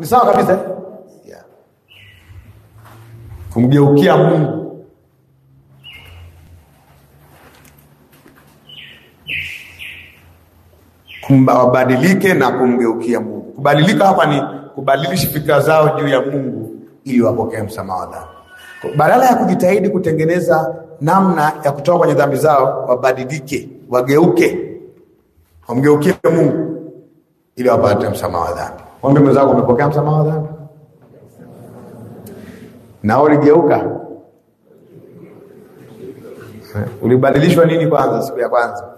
ni sawa kabisa yeah. kumgeukia Mungu wabadilike na kumgeukia Mungu. Kubadilika hapa ni kubadilisha fikra zao juu ya Mungu ili wapokee msamaha wa dhambi. Badala ya kujitahidi kutengeneza namna ya kutoka kwenye dhambi zao, wabadilike, wageuke, wamgeukie Mungu ili wapate msamaha wa dhambi. Ombi mwenzako, umepokea msamaha wa dhambi? Na uligeuka? Ulibadilishwa nini kwanza? Siku ya kwanza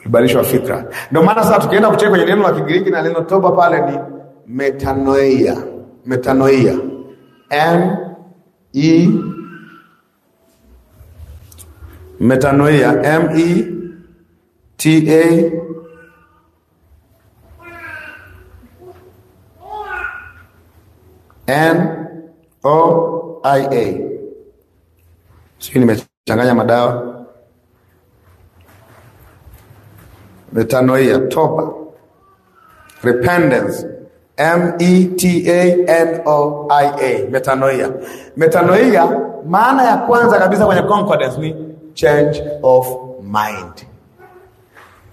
ulibadilishwa fikra. Ndio maana sasa tukienda kucheka kwenye neno la Kigiriki na neno toba pale ni metanoia, metanoia M E metanoia M E T A N O I A. Sijui nimechanganya madawa. Metanoia, toba. Repentance, M E T A N O I A, metanoia. Metanoia maana ya kwanza kabisa kwenye concordance ni change of mind.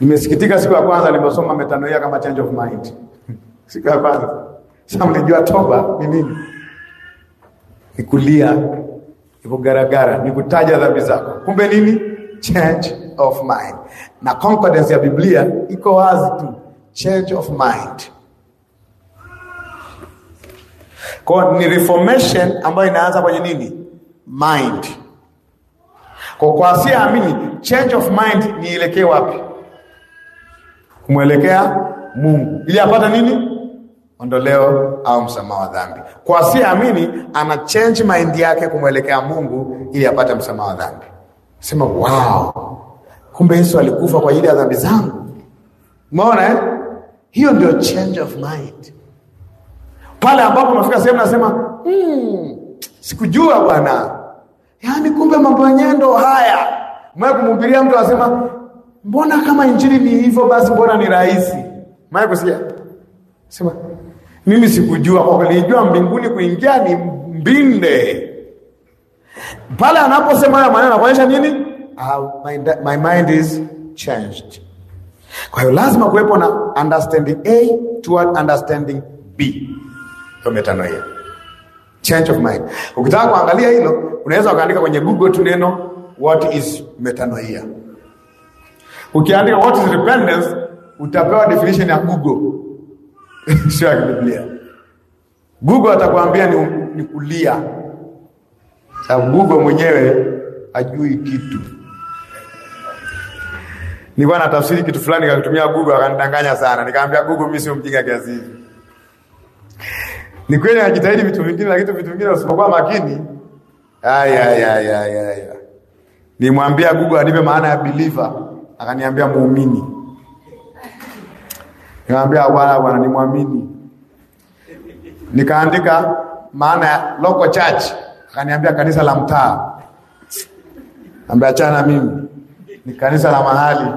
Nimesikitika siku ya kwanza nimesoma metanoia kama change of mind. Siku ya kwanza sasa mnajua toba ni nini? Ni kulia, ni kugaragara, ni kutaja dhambi zako. Kumbe nini? Change of mind. Na concordance ya Biblia iko wazi tu, change of mind. Kwa ni reformation ambayo inaanza kwenye nini? Mind. Kwa kwa asiyeamini, change of mind ni wapi? Kumwelekea Mungu ili apata nini? ondoleo au msamaha wa dhambi. Kwa asiyeamini ana change mind yake kumwelekea Mungu ili apate msamaha wa dhambi. Sema wow, kumbe Yesu alikufa kwa ajili ya dhambi zangu. Umeona eh? Hiyo ndio change of mind. Pale ambapo unafika sehemu nasema mm, sikujua bwana, yaani kumbe mambo yenyewe ndo haya. Mwe kumhubiria mtu anasema mbona kama injili ni hivyo, basi mbona ni rahisi? Mwe kusikia sema mimi sikujua kwa kulijua mbinguni kuingia ni mbinde. Pale anaposema haya maneno anakuonyesha nini? Uh, my, my mind is changed. Kwa hiyo lazima kuwepo na understanding A toward understanding B. Hiyo hiyo. Change of mind. Ukitaka kuangalia hilo, unaweza ukaandika kwenye Google tu neno what is metanoia. Ukiandika what is repentance, utapewa definition ya Google. sio ya kibiblia. Google atakwambia ni, ni kulia, sababu Google mwenyewe ajui kitu. Nilikuwa natafsiri kitu fulani kakitumia Google, akanidanganya sana, nikaambia Google mimi sio mjinga kiasi hivi. Ni kweli anajitahidi vitu vingine, lakini vitu vingine usipokuwa makini ayayayayaya. Nimwambia Google anipe maana ya believer, akaniambia muumini Nikamwambia wala bwana, ni mwamini. Nikaandika maana ya local church, akaniambia kanisa la mtaa. Ambia achana mimi, ni kanisa la mahali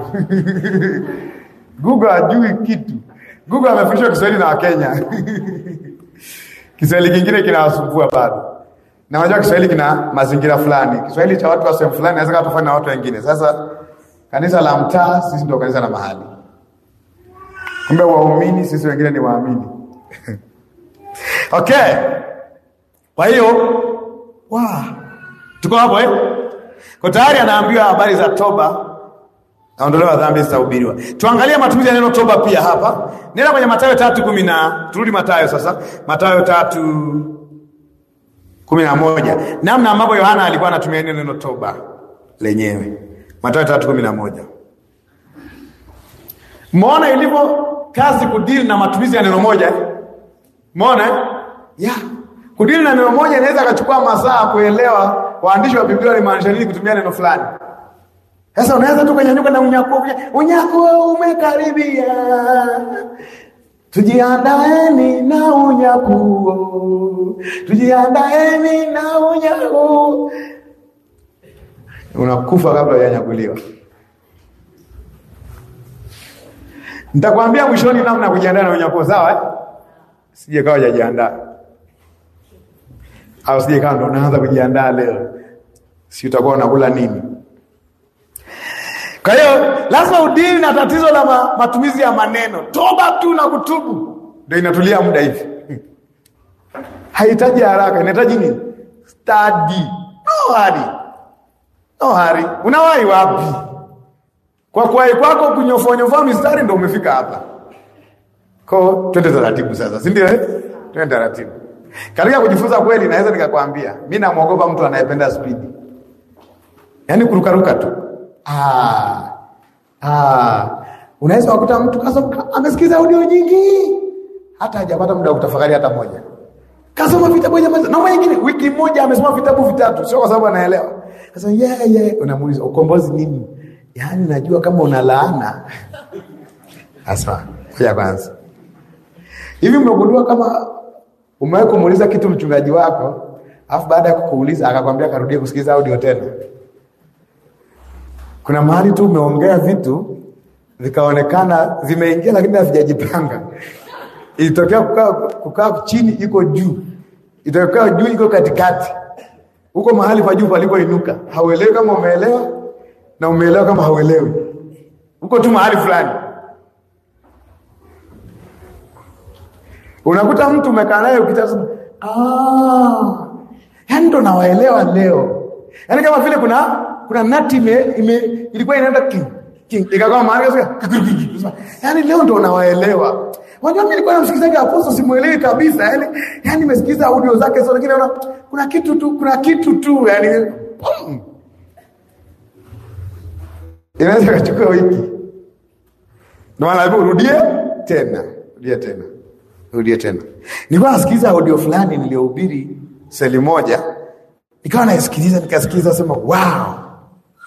Google ajui kitu. Google amefundishwa Kiswahili na Wakenya Kiswahili kingine kinawasumbua bado na unajua Kiswahili kina mazingira fulani. Kiswahili cha watu wa sehemu fulani naweza na watu wengine. Sasa kanisa la mtaa, sisi ndio kanisa la mahali. Kumbe waumini sisi wengine ni waamini okay. Kwa hiyo wow. tuko hapo eh? Kwa tayari anaambiwa habari za toba, aondolewa dhambi zitahubiriwa. Tuangalie matumizi ya neno toba pia hapa. Nenda kwenye Mathayo tatu kumi na turudi Mathayo sasa, Mathayo tatu kumi na moja namna ambavyo Yohana alikuwa anatumia neno toba lenyewe. Mathayo tatu kumi na moja Mona ilivyo kazi kudili na matumizi ya neno moja. Eh? Umeona? Eh? Yeah. Kudili na neno moja inaweza akachukua masaa kuelewa waandishi wa Biblia walimaanisha nini kutumia neno fulani. Sasa unaweza tu kunyanyuka na unyakuo, unyakuo umekaribia. Tujiandaeni na unyakuo. Tujiandaeni na unyakuo. Unakufa kabla hujanyakuliwa. Nitakwambia mwishoni namna kujiandaa na unyakuo, sawa? Eh? Sije kawa hajajiandaa. Au sije kawa ndo naanza kujiandaa leo. Si utakuwa unakula nini? Kwa hiyo lazima udili na tatizo la ma, matumizi ya maneno. Toba tu na kutubu ndio inatulia muda hivi. Haihitaji haraka, inahitaji nini? Study. No hurry. No hurry. Unawahi wapi? Kwa kuwahi kwako kunyofonyofoa mistari ndio umefika hapa. Ko, twende taratibu sasa, si ndio eh? Twende taratibu. Katika kujifunza kweli, naweza nikakwambia mimi namuogopa mtu anayependa spidi, yaani kurukaruka tu. Ah, ah, unaweza kukuta mtu kasoma, amesikiza audio nyingi, hata hajapata muda wa kutafakari hata moja kasoma vitabu moja na wengine wiki moja amesoma vitabu vitatu, sio kwa sababu anaelewa. Sasa yeah, yeah, unamuuliza ukombozi nini? Yaani najua kama una laana asma. Ngoja kwanza, hivi umegundua kama umewahi kumuuliza kitu mchungaji wako alafu baada ya kukuuliza akakwambia karudie kusikiliza audio tena? Kuna mahali tu umeongea vitu vikaonekana vimeingia, lakini havijajipanga. Ilitokea kukaa kukaa chini iko juu, itokea juu iko katikati, huko mahali pa juu palipoinuka. Hauelewi kama umeelewa na umeelewa kama hauelewi, uko tu mahali fulani. Unakuta mtu umekaa naye ukitazama, ah, yani ndo nawaelewa leo, yani kama vile kuna kuna nati ime, ime ilikuwa inaenda king king, ikakaa mahali kasema, yani leo ndo nawaelewa. Wajua mimi nilikuwa namsikilizaga Apostle simuelewi kabisa, yani yani nimesikiza audio zake zote, lakini kuna kitu tu, kuna kitu tu yani pum inaweza ikachukua wiki, ndio maana urudie tena, rudie tena, rudie tena. Nilikuwa nasikiliza audio fulani niliyohubiri seli moja, nikawa naisikiliza, nikasikiliza sema wow,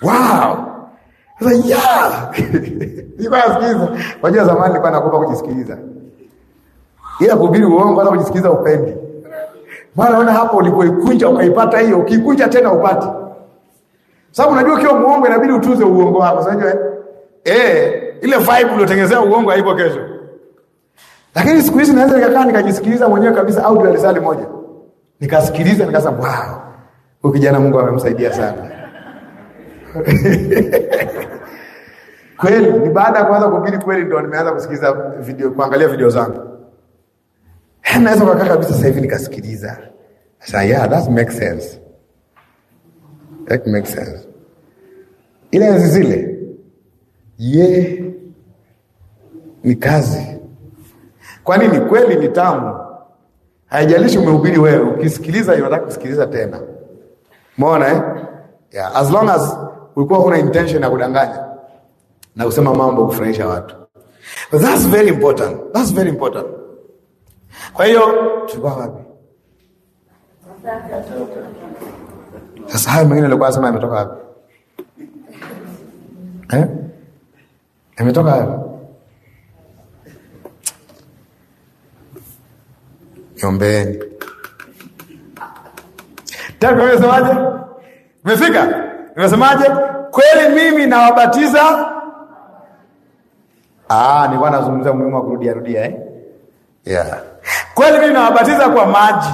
wow nilikuwa wajua, zamani nilikuwa kujisikiliza, ila kuhubiri uongo hata kujisikiliza upendi. ona hapo ulipoikunja ukaipata hiyo, ukikunja tena upate Sababu unajua ukiwa muongo inabidi utunze uongo wako. Sasa unajua eh? eh, ile vibe uliotengenezea uongo haipo kesho. Lakini siku hizi naweza nikakaa nikajisikiliza mwenyewe kabisa audio ya risali moja. Nikasikiliza nikasema wow. Huyu kijana Mungu amemsaidia sana. Kweli ni baada ya kuanza kuhubiri kweli ndio nimeanza kusikiliza video kuangalia video zangu. Naweza kukaa kabisa sasa hivi nikasikiliza. Sasa yeah, that makes sense. That makes sense. Ile enzi zile ye ni kazi. Kwa nini? Kweli ni tamu, haijalishi umehubiri wewe, ukisikiliza unataka kusikiliza tena. Umeona eh? Yeah, as long as ulikuwa huna intention ya kudanganya na kusema mambo kufurahisha watu. But that's very important. That's very important. Kwa hiyo tulikuwa wapi? Sasa hayo mengine alikuwa anasema yametoka wapi? Eh? Ametoka wapi? Niombeeni. Tena nimesemaje? Umefika? Umesemaje? Kweli mimi nawabatiza. Ah, nilikuwa nazungumza umuhimu wa kurudia rudia eh? Yeah. Kweli mimi nawabatiza kwa maji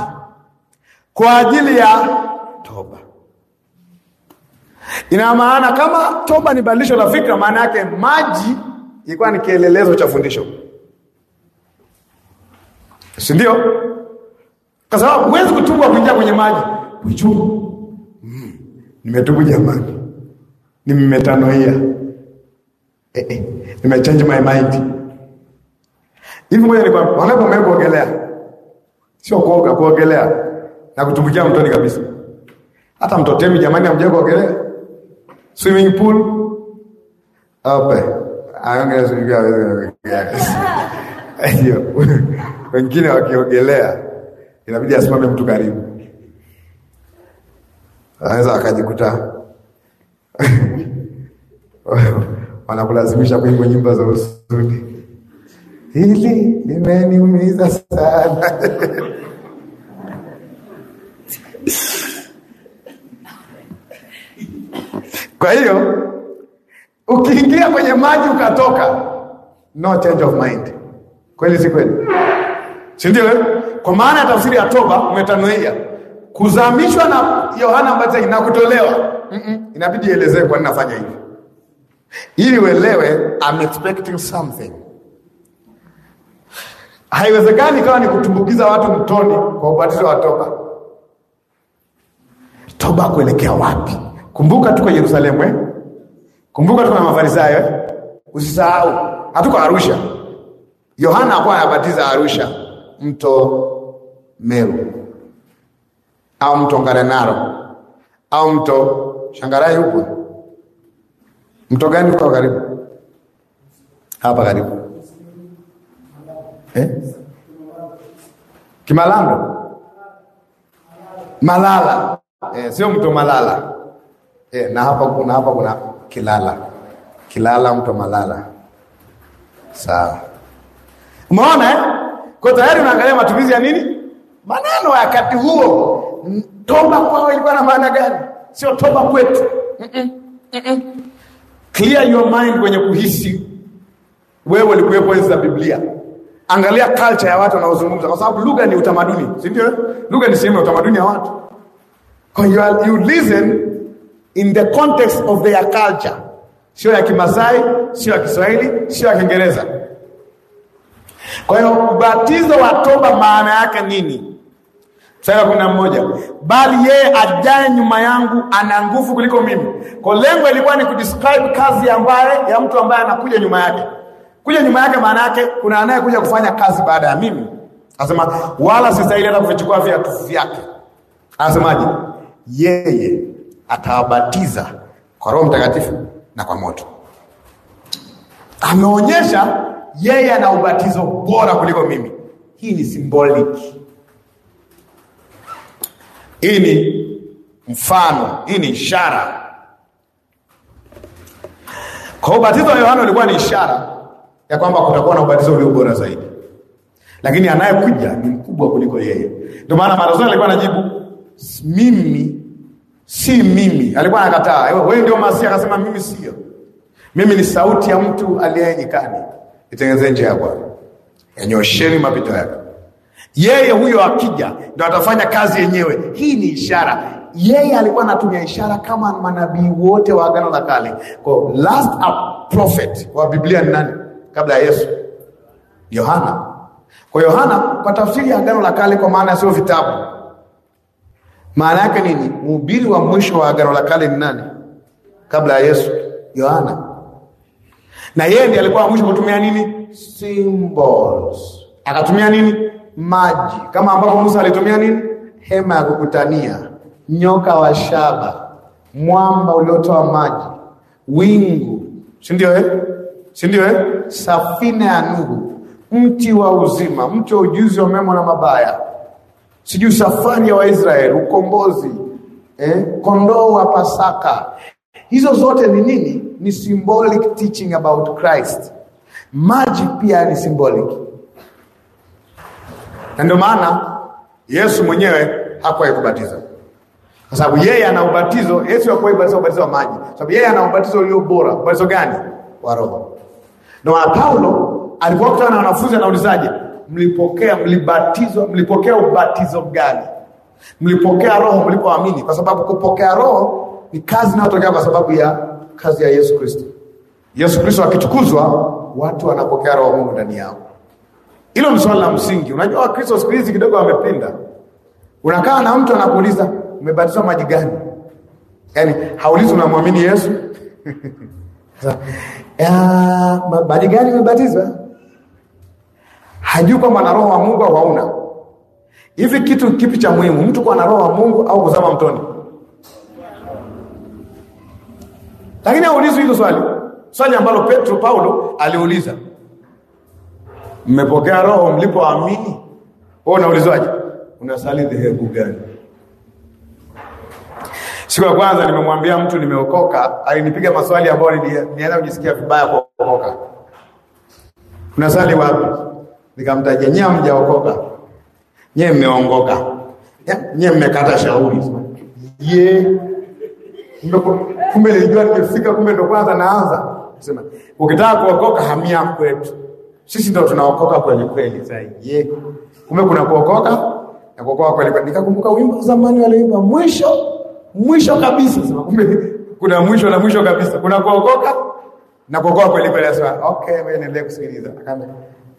kwa ajili ya toba. Ina maana kama toba ni badilisho la fikra, maana yake maji ilikuwa ni kielelezo cha fundisho, si ndio? Kwa sababu huwezi kutubu kuingia kwenye maji kuchungu. Mm, nimetubu jamani, nimetanoia eh, eh, nimechange my mind hivi. Ngoja nikwambia, wangapi wamewahi kuogelea? Sio kuoga, kuogelea na kutumbukia mtoni kabisa. Hata mtotemi jamani, hamjawahi kuogelea swimming pool ape wengine wakiogelea inabidi asimame mtu karibu, anaweza akajikuta wanakulazimisha kuimba nyimbo za usudi. Hili limeniumiza sana Kwa hiyo ukiingia kwenye maji ukatoka, no change of mind. Kweli si kweli? Si ndio? Eh? Kwa maana ya tafsiri ya toba umetanuia kuzamishwa na Yohana Mbatizaji na kutolewa. mm -mm. Inabidi ielezee kwa nini nafanya hivi ili uelewe, I'm expecting something. Haiwezekani kama ni kutumbukiza watu mtoni kwa ubatizo wa toba. Toba kuelekea wapi? Kumbuka tuko Yerusalemu eh? Kumbuka tuko na Mafarisayo eh? Usisahau hatuko Arusha. Yohana alikuwa anabatiza Arusha, mto Meru au mto Ngarenaro au mto Shangarai huko. Mto gani uko karibu hapa karibu eh? Kimalango Malala eh, sio mto Malala Eh, na hapa kuna hapa kuna Kilala, Kilala mto Malala. Sawa, umeona eh? Kwa tayari unaangalia matumizi ya nini maneno wakati huo. Toba kwao ilikuwa na maana gani? Sio toba kwetu. Clear your mind kwenye kuhisi wewe ulikuwepo enzi za Biblia. Angalia culture ya watu wanaozungumza, kwa sababu lugha ni utamaduni, si ndio? Eh? Lugha ni sehemu ya utamaduni ya watu. Kwa hiyo you listen in the context of their culture, sio ya Kimasai, sio ya Kiswahili, sio ya Kiingereza. Kwa hiyo ubatizo wa toba maana yake nini? Sasa kuna mmoja, bali yeye ajaye nyuma yangu ana nguvu kuliko mimi. Kwa lengo ilikuwa ni kudescribe kazi ambaye ya mtu ambaye anakuja nyuma yake. Kuja nyuma yake maana yake kuna anayekuja kufanya kazi baada ya mimi. Anasema wala sistahili hata kuvichukua viatu vyake. Anasemaje? Yeye atawabatiza kwa Roho Mtakatifu na kwa moto. Ameonyesha yeye ana ubatizo bora kuliko mimi. Hii ni symbolic, hii ni mfano, hii ni ishara. Kwa ubatizo wa Yohana ulikuwa ni ishara ya kwamba kutakuwa na ubatizo ulio bora zaidi, lakini anayekuja ni mkubwa kuliko yeye. Ndio maana Mara alikuwa anajibu mimi si mimi. Alikuwa anakataa wewe ndio masia, akasema mimi sio mimi, ni sauti ya mtu aliye nyikani, itengeneze njia ya Bwana, yanyosheni mapito yake. Yeye huyo akija ndio atafanya kazi yenyewe. Hii ni ishara yeye alikuwa anatumia ishara kama manabii wote wa Agano la Kale. Kwa last prophet wa Biblia ni nani kabla ya Yesu? Yohana. Kwa Yohana, kwa tafsiri ya Agano la Kale, kwa maana sio vitabu, maana yake nini? Mhubiri wa mwisho wa Agano la Kale ni nani kabla ya Yesu? Yohana. Na yeye ndiye alikuwa mwisho kutumia nini? Symbols. Akatumia nini? Maji, kama ambavyo Musa alitumia nini? Hema ya kukutania, nyoka wa shaba, mwamba uliotoa maji, wingu, si ndio eh? si ndio eh? Safina ya Nuhu, mti wa uzima, mti wa ujuzi wa mema na mabaya sijui safari ya Waisraeli, ukombozi eh, kondoo wa Pasaka. Hizo zote ni nini? Ni symbolic teaching about Christ. Maji pia ni symbolic, na ndio maana Yesu mwenyewe hakuwahi kubatiza kwa sababu yeye ana ubatizo. Yesu hakuwahi kubatiza ubatizo wa maji, kwa sababu yeye ana ubatizo ulio bora. Ubatizo gani? Wa Roho. Ndio maana Paulo alikuwa kutana na wanafunzi, anaulizaje? mlipokea, mlibatizwa, mlipokea ubatizo gani? Mlipokea roho mlipoamini? Kwa sababu kupokea roho ni kazi inayotokea kwa sababu ya kazi ya Yesu Kristo. Yesu Kristo akitukuzwa, watu wanapokea roho Mungu ndani yao. Hilo ni swala la msingi. Unajua Wakristo siku hizi kidogo wamepinda. Unakaa na mtu anakuuliza umebatizwa maji gani? Yaani haulizi unamwamini Yesu. ya, ah, maji gani umebatizwa? hajui kwamba ana roho wa Mungu au hauna. Hivi kitu kipi cha muhimu, mtu kuwa na roho wa Mungu au kuzama mtoni? Lakini haulizi hilo swali, swali ambalo Petro Paulo aliuliza, mmepokea roho mlipoamini? Wewe unaulizwaje? Unasali dhehebu gani? Siku ya kwanza nimemwambia mtu nimeokoka, alinipiga maswali ambayo nilianza kujisikia vibaya kwa kuokoka. Unasali wapi? nikamtaja nyewe, mjaokoka nyewe, mmeongoka nyewe, mmekata shauri. Je, kumbe nilijua nimefika, kumbe ndo kwanza naanza sema. Ukitaka kuokoka hamia kwetu, sisi ndo tunaokoka kweli kweli. Sasa ye kumbe kuna kuokoka na kuokoka kweli kweli. Nikakumbuka wimbo zamani walioimba mwisho mwisho kabisa, sema kumbe kuna mwisho na mwisho kabisa, kuna kuokoka na kuokoka kweli kweli. Sasa okay, wewe endelee kusikiliza. Akamwambia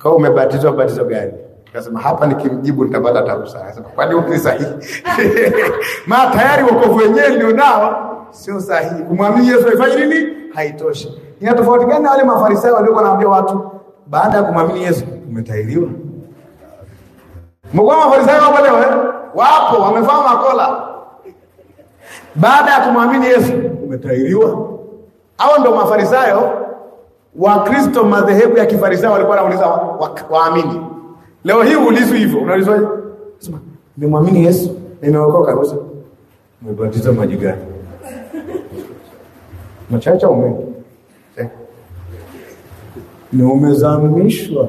kwa umebatizwa batizo gani? Akasema hapa nikimjibu nitapata tabu sana. Akasema kwani upi sahihi? ma tayari wokovu wenyewe ndio nao sio sahihi. Kumwamini Yesu haifai nini? Haitoshi. Ina tofauti gani na wale Mafarisayo waliokuwa wanaambia watu baada ya kumwamini Yesu umetahiriwa? Mkoa Mafarisayo wapo leo eh? Wapo wamevaa makola. Baada ya kumwamini Yesu umetahiriwa. Hao ndio Mafarisayo Wakristo madhehebu ya Kifarisayo walikuwa wanauliza waamini. Wa leo hii uulizwi hivyo, unaulizwaje? Sema nimwamini Yesu nimeokoka. Sasa umebatizwa maji gani? Machacha ume eh? ni umezamishwa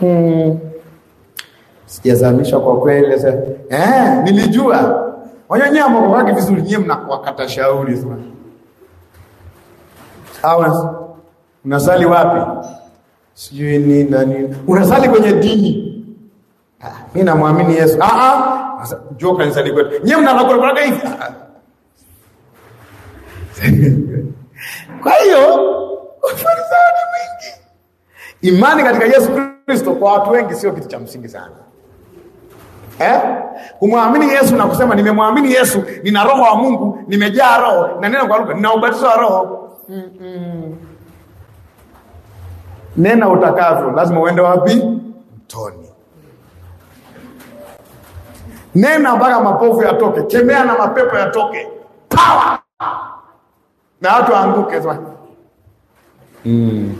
hmm. Sijazamishwa kwa kweli. Sasa eh, nilijua wanyonyama kwa vizuri, nyie mnakuwakata shauri sana au unasali wapi? Sijui ni nani. Unasali kwenye dini. Ah, mimi namwamini Yesu. Ah ah. Njoo kanisani kwetu. Nyewe mnalakula kwa hivi. Kwa hiyo Ufarisayo mwingi. Imani katika Yesu Kristo kwa watu wengi sio kitu cha msingi sana. Eh? Kumwamini Yesu na kusema nimemwamini Yesu, nina roho wa Mungu, nimejaa roho, na neno kwa lugha, nina ubatizo wa roho mm -mm. Nena utakavyo, lazima uende wapi? Mtoni. Nena mpaka mapovu yatoke, chemea na mapepo yatoke, power na watu waanguke. Mm.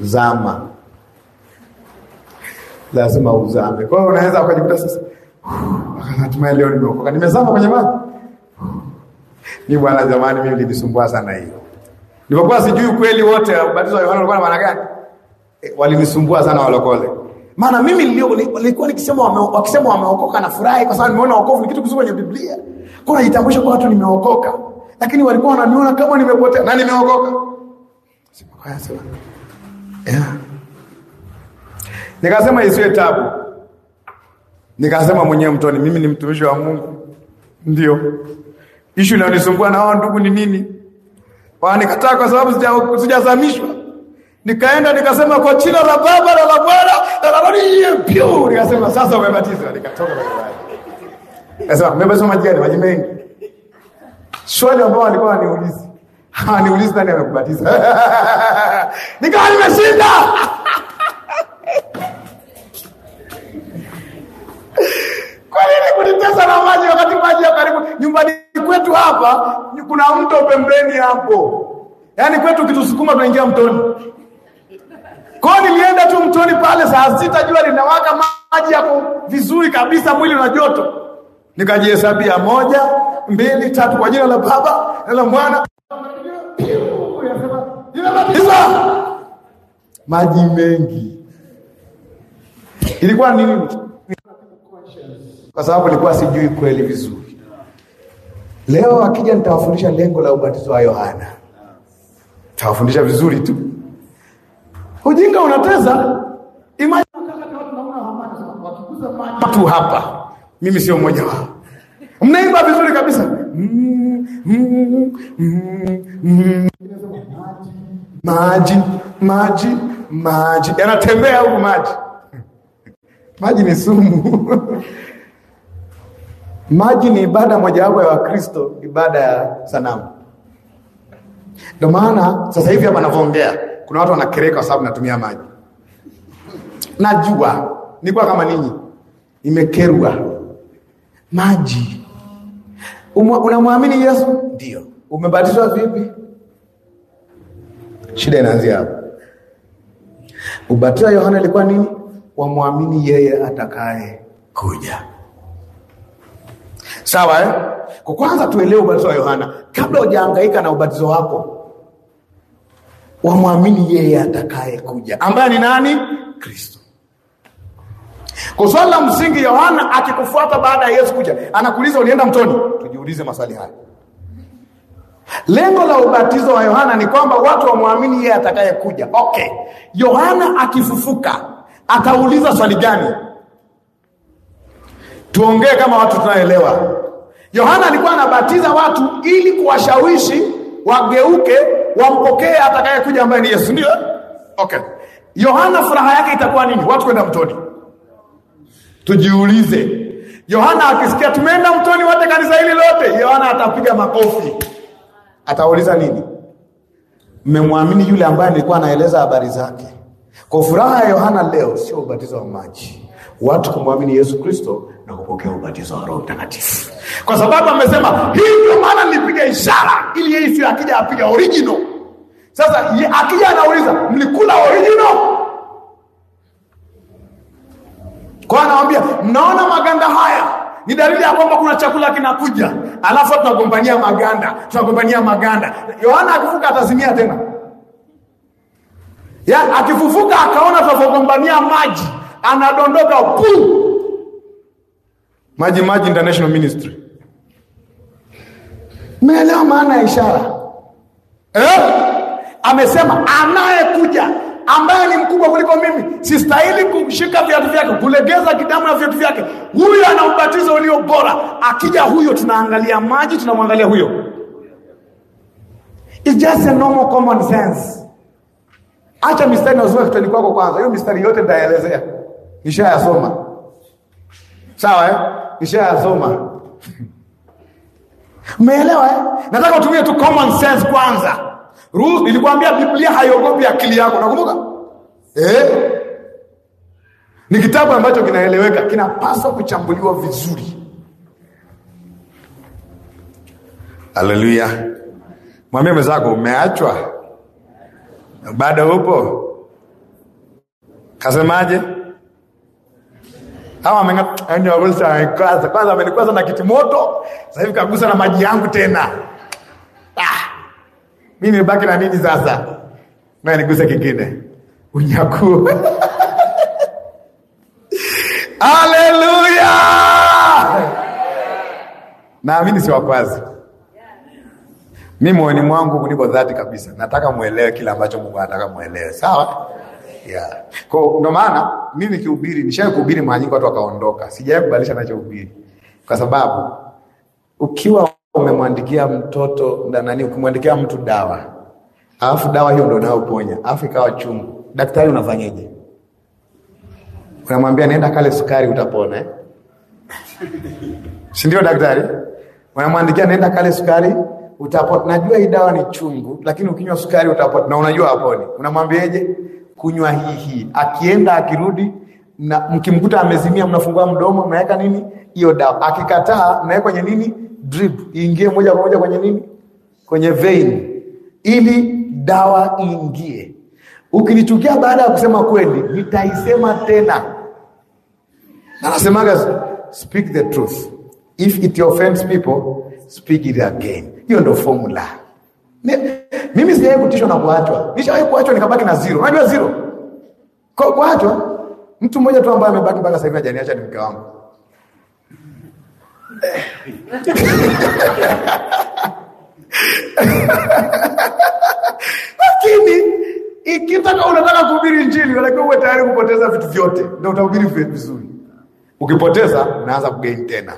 Zama, lazima uzame. Kwa hiyo unaweza ukajikuta sasa, leo nimeokoka, nimezama kwenye maji ni bwana zamani mimi nilisumbua sana hiyo. Nilipokuwa sijui kweli wote ubatizo wa Yohana ulikuwa na maana gani? E, walinisumbua sana walokole. Maana mimi nilikuwa nikisema wame, wakisema wameokoka na furahi kwa sababu nimeona wokovu ni kitu kizuri kwenye Biblia. Kwa najitambulisha kwa watu nimeokoka. Lakini walikuwa wananiona kama nimepotea na nimeokoka. Sema kwa sasa. Yeah. Nikasema isiwe tabu. Nikasema mwenyewe mtoni mimi ni mtumishi wa Mungu. Ndio. Ishu inanisumbua na hao ndugu ni nini? nikataa kwa sababu sijazamishwa. Nikaenda nikasema kwa jina la Baba na la Bwana na la Roho pure. Nikasema sasa umebatizwa, nikatoka barabarani. Nasema mmebasoma jirani maji mengi. Swali ambao walikuwa waniulizi. Hawaniulizi nani amekubatiza. Nikawa nimeshinda. Kwa nini kunitesa na maji wakati maji ya karibu nyumbani kwetu hapa kuna mto pembeni hapo, yaani kwetu kitusukuma tunaingia mtoni. Kwa nilienda tu mtoni pale saa sita, jua linawaka, maji yako vizuri kabisa, mwili na joto, nikajihesabia moja, mbili, tatu, kwa jina la Baba na la Mwana maji mengi. Ilikuwa nini? Kwa sababu nilikuwa sijui kweli vizuri Leo akija nitawafundisha lengo la ubatizo wa Yohana, tawafundisha vizuri tu. Ujinga unateza watu hapa, mimi sio mmoja wao. Mnaimba vizuri kabisa maji maji maji yanatembea huku, maji maji ni sumu Maji ni ibada mojawapo ya Wakristo, ibada ya sanamu. Ndio maana sasa hivi hapa navyoongea kuna watu wanakereka kwa sababu natumia maji. Najua nikuwa kama ninyi, imekerwa maji. Unamwamini Yesu? Ndio. Umebatizwa vipi? Shida inaanzia hapo. Ubatizo wa Yohana ilikuwa nini? Wamwamini yeye atakaye kuja sawa eh? Kwa kwanza tuelewe ubatizo wa Yohana kabla hujahangaika na ubatizo wako, wamwamini yeye atakaye kuja ambaye ni nani? Kristo. Kwa swala la msingi, Yohana akikufuata baada ya Yesu kuja, anakuuliza ulienda mtoni? Tujiulize maswali haya. Lengo la ubatizo wa Yohana ni kwamba watu wamwamini yeye atakaye kuja. Okay, Yohana akifufuka atauliza swali gani? tuongee kama watu tunaelewa. Yohana alikuwa anabatiza watu ili kuwashawishi wageuke, wampokee atakayekuja ambaye ni Yesu, ndio okay. Yohana furaha yake itakuwa nini? Watu kwenda mtoni. Tujiulize, Yohana akisikia tumeenda mtoni wote, kanisa hili lote, Yohana atapiga makofi. Atauliza nini? Mmemwamini yule ambaye nilikuwa naeleza habari zake. Kwa furaha ya Yohana leo sio ubatizo wa maji, watu kumwamini Yesu Kristo na kupokea ubatizo wa Roho Mtakatifu, kwa sababu amesema hii ndio maana nilipiga ishara ili Yesu akija apiga original. Sasa akija anauliza mlikula original? Kwa anawambia mnaona maganda haya ni dalili ya kwamba kuna chakula kinakuja, alafu tunagombania maganda, tunagombania maganda. Yohana akifuka atazimia tena ya, akifufuka akaona tunavyogombania maji, anadondoka puu Maji Maji International Ministry. Meelewa maana ya ishara eh? Amesema anayekuja ambaye ni mkubwa kuliko mimi, sistahili kushika viatu vyake, kulegeza kidamu na viatu vyake. Huyo ana ubatizo ulio bora. Akija huyo, tunaangalia maji, tunamwangalia huyo. It's just a normal common sense. Acha mistari nazua kitani kwako kwanza. Hiyo mistari yote nitaelezea, nishayasoma sawa eh? nishayasoma Umeelewa eh? Nataka utumie tu common sense kwanza. Ruth nilikwambia Biblia haiogopi akili yako, nakumbuka? Eh? Ni kitabu ambacho kinaeleweka, kinapaswa kuchambuliwa vizuri. Haleluya. Mwambie mwenzako umeachwa. Bado upo. Kasemaje? Yaani kwanza amenikwaza na kiti moto, sasa hivi kagusa na maji yangu tena. Ah, mimi nibaki na nini sasa? Na niguse kingine unyakuo Haleluya! Naamini siwakwazi mi moyoni mwangu kuniko dhati kabisa, nataka mwelewe kile ambacho Mungu anataka mwelewe, sawa yeah. Kwa ndo maana mimi kihubiri, nishawahi kuhubiri mara nyingi watu wakaondoka, sijawahi kubadilisha nachohubiri, kwa sababu ukiwa umemwandikia mtoto na nani, ukimwandikia mtu dawa alafu dawa hiyo ndo nayoponya alafu ikawa chungu, daktari unafanyaje? Unamwambia nenda kale sukari utapona eh? si ndio daktari? Unamwandikia nenda kale sukari utapona. Najua hii dawa ni chungu, lakini ukinywa sukari utapona na unajua haponi. Unamwambiaje? kunywa hii hii, akienda akirudi, na mkimkuta amezimia, mnafungua mdomo, mnaweka nini hiyo dawa, akikataa mnaweka kwenye nini drip, iingie moja kwa moja kwenye nini kwenye vein, ili dawa iingie. Ukinichukia baada ya kusema kweli, nitaisema tena, na nasemaga speak the truth if it offends people speak it again. Hiyo ndo formula. Mimi sijawahi kutishwa na kuachwa. Nishawahi kuachwa nikabaki na zero. Unajua zero? Kwa kuachwa mtu mmoja tu ambaye amebaki mpaka sasa hivi hajaniacha ni mke wangu. Lakini ikitaka unataka kuhubiri Injili, lakini uwe tayari kupoteza vitu vyote, ndio utahubiri vizuri. Ukipoteza unaanza kugeni tena,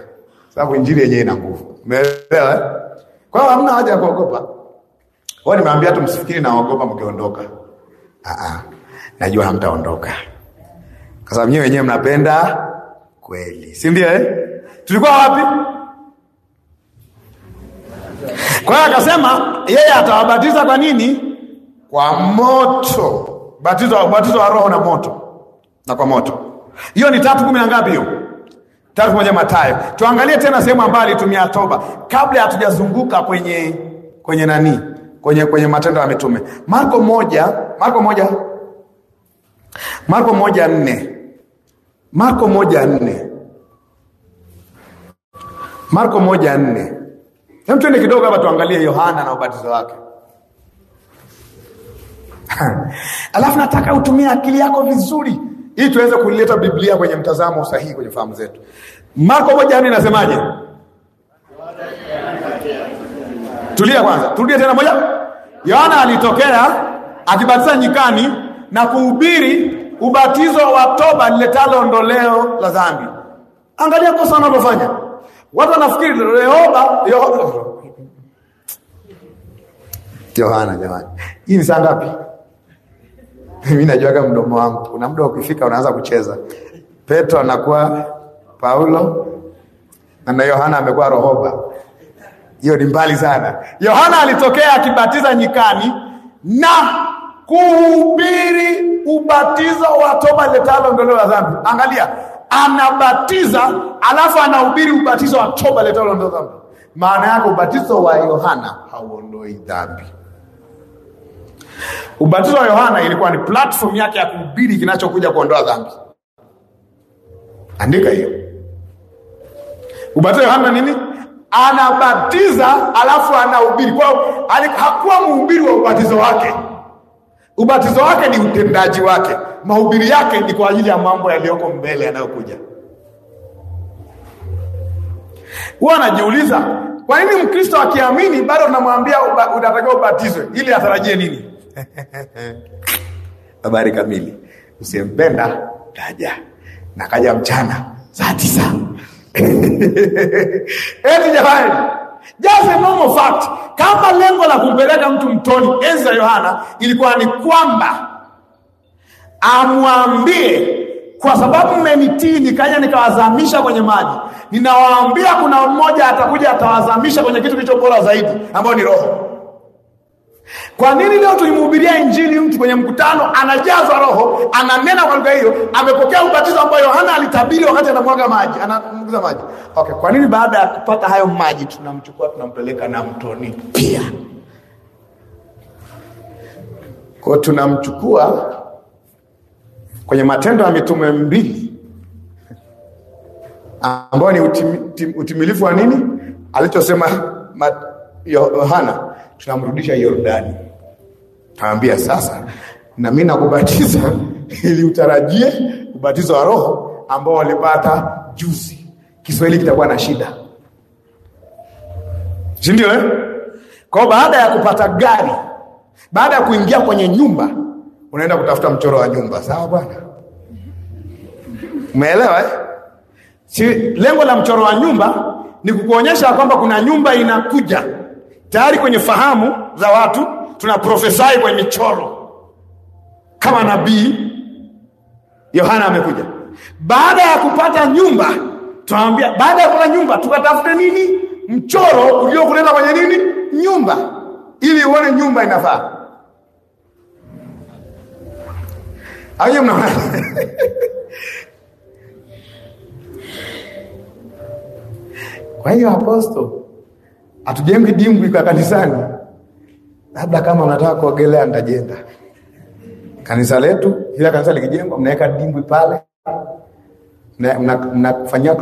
sababu injili yenyewe ina nguvu. Umeelewa? Eh? Kwa hiyo hamna haja ya kuogopa. Kwa nimeambia tu msifikiri naogopa mkiondoka. Ah, najua hamtaondoka kwa sababu nyewe wenyewe mnapenda kweli, si ndio eh? Tulikuwa wapi? Kwa hiyo akasema yeye atawabatiza kwa nini? Kwa moto, batizo, batizo wa Roho na moto na kwa moto. Hiyo ni tatu kumi na ngapi hiyo? Tatu moja Mathayo. Tuangalie tena sehemu ambayo alitumia toba, kabla hatujazunguka kwenye kwenye nani kwenye, kwenye matendo ya mitume Marko moja Marko moja Marko moja nne Marko moja nne Marko moja nne Hem, twende kidogo hapa tuangalie Yohana na ubatizo wake alafu nataka utumie akili yako vizuri ili tuweze kuleta Biblia kwenye mtazamo sahihi kwenye fahamu zetu. Marko moja nne inasemaje? Tulia kwanza, turudie tena moja. Yohana alitokea akibatiza nyikani na kuhubiri ubatizo wa toba liletalo ondoleo la dhambi. Angalia kosa wanavyofanya watu, wanafikiri Rehoba Yohana. Jamani, hii ni saa ngapi? Mimi najuaga mdomo wangu, kuna muda ukifika unaanza kucheza. Petro anakuwa Paulo na Yohana amekuwa Rohoba hiyo ni mbali sana. Yohana alitokea akibatiza nyikani na kuhubiri ubatizo wa toba letalo ondoleo la dhambi. Angalia, anabatiza alafu anahubiri ubatizo wa toba letalo ondoleo la dhambi. Maana yake ubatizo wa Yohana hauondoi dhambi. Ubatizo wa Yohana ilikuwa ni platform yake ya kuhubiri kinachokuja kuondoa dhambi. Andika hiyo. Ubatizo wa Yohana nini? anabatiza alafu anahubiri. Kwa hiyo hakuwa mhubiri wa ubatizo wake. Ubatizo wake ni utendaji wake, mahubiri yake ni kwa ajili ya mambo yaliyoko mbele yanayokuja. Huwa anajiuliza kwa nini Mkristo akiamini bado tunamwambia unatakiwa ubatizwe ili atarajie nini? Habari kamili. Usiyempenda taja na kaja mchana saa tisa. Eti jamani, just a normal fact. Kama lengo la kumpeleka mtu mtoni enzi ya Yohana ilikuwa ni kwamba amwambie kwa sababu mmenitii nikaja nikawazamisha kwenye maji, ninawaambia kuna mmoja atakuja atawazamisha kwenye kitu kilicho bora zaidi, ambayo ni Roho. Kwa nini leo tulimhubiria injili mtu kwenye mkutano, anajazwa Roho, ananena kwa lugha hiyo, amepokea ubatizo ambao Yohana alitabiri wakati anamwaga maji, anamwaga maji. Okay, kwa nini baada ya kupata hayo maji tunamchukua tunampeleka na mtoni pia? Kwa tunamchukua kwenye Matendo ya Mitume mbili ambayo ni utimilifu wa nini alichosema Yohana tunamrudisha Yordani. Taambia sasa, na mimi nakubatiza ili utarajie ubatizo wa Roho ambao walipata juzi. Kiswahili kitakuwa na shida, si ndio eh? Kwa baada ya kupata gari, baada ya kuingia kwenye nyumba, unaenda kutafuta mchoro wa nyumba. Sawa bwana, umeelewa eh? Si lengo la mchoro wa nyumba ni kukuonyesha kwamba kuna nyumba inakuja tayari kwenye fahamu za watu tuna profesai kwenye michoro kama nabii Yohana amekuja baada ya kupata nyumba tunamwambia baada ya kupata nyumba tukatafute nini mchoro uliokuleta kwenye nini nyumba ili uone nyumba inafaa aje, mnaona Kwa hiyo apostol Hatujengi dimbwi kwa kanisani, labda kama mnataka kuogelea ntajenda kanisa letu. Ila kanisa likijengwa, mnaweka dimbwi pale, mnafanyia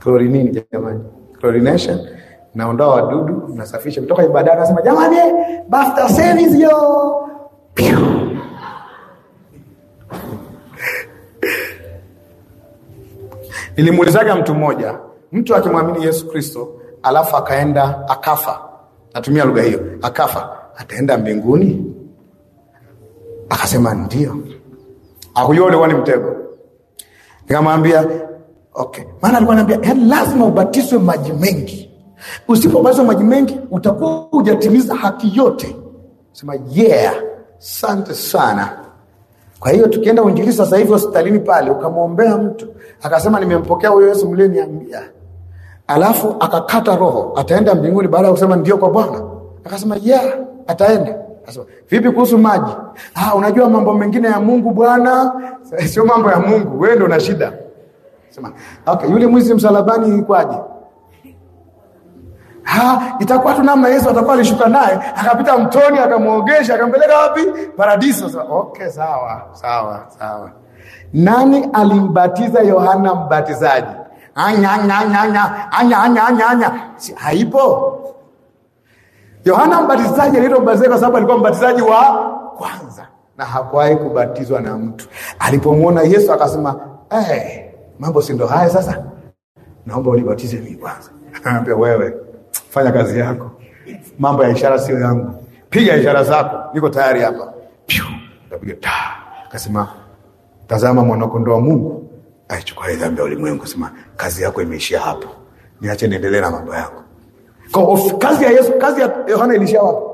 klorinini, jamani, chlorination naondoa wadudu, nasafisha. Kutoka ibada. nasema jamani, BAFTA service yo nilimuulizaga mtu mmoja Mtu akimwamini Yesu Kristo alafu akaenda akafa, natumia lugha hiyo, akafa, ataenda mbinguni? Akasema ndio. Akujua ulikuwa ni mtego. Nikamwambia okay, maana alikuwa ananiambia yaani lazima ubatizwe maji mengi, usipobatizwa maji mengi utakuwa hujatimiza haki yote. Sema yeah, asante sana. Kwa hiyo tukienda uinjili sasa hivi hospitalini pale, ukamwombea mtu akasema nimempokea huyo Yesu mliyeniambia alafu akakata roho ataenda mbinguni baada ya kusema ndio kwa Bwana akasema ya yeah, ataenda akasema vipi kuhusu maji ah unajua mambo mengine ya Mungu bwana sio mambo ya Mungu wewe ndio una shida sema okay yule mwizi msalabani ilikwaje Ha, itakuwa tu namna Yesu atakuwa alishuka naye akapita mtoni akamwogesha akampeleka wapi paradiso. Sasa okay, sawa sawa sawa. Nani alimbatiza Yohana Mbatizaji? anya si, haipo. Yohana Mbatizaji mbatizaji kwa sababu alikuwa mbatizaji wa kwanza na hakuwahi kubatizwa na mtu. Alipomwona Yesu akasema, "Eh, mambo si ndo haya sasa? Naomba unibatize mimi kwanza." Anambia, "Wewe fanya kazi yako. Mambo ya ishara sio yangu. Piga ishara zako. Niko tayari hapa." Kasema "Tazama mwanakondoo wa Mungu aichukua dhambi ya ulimwengu, sema kazi yako imeishia hapo, niache niendelee na mambo yako. Kazi ya Yesu, kazi ya Yohana ilishia wapi?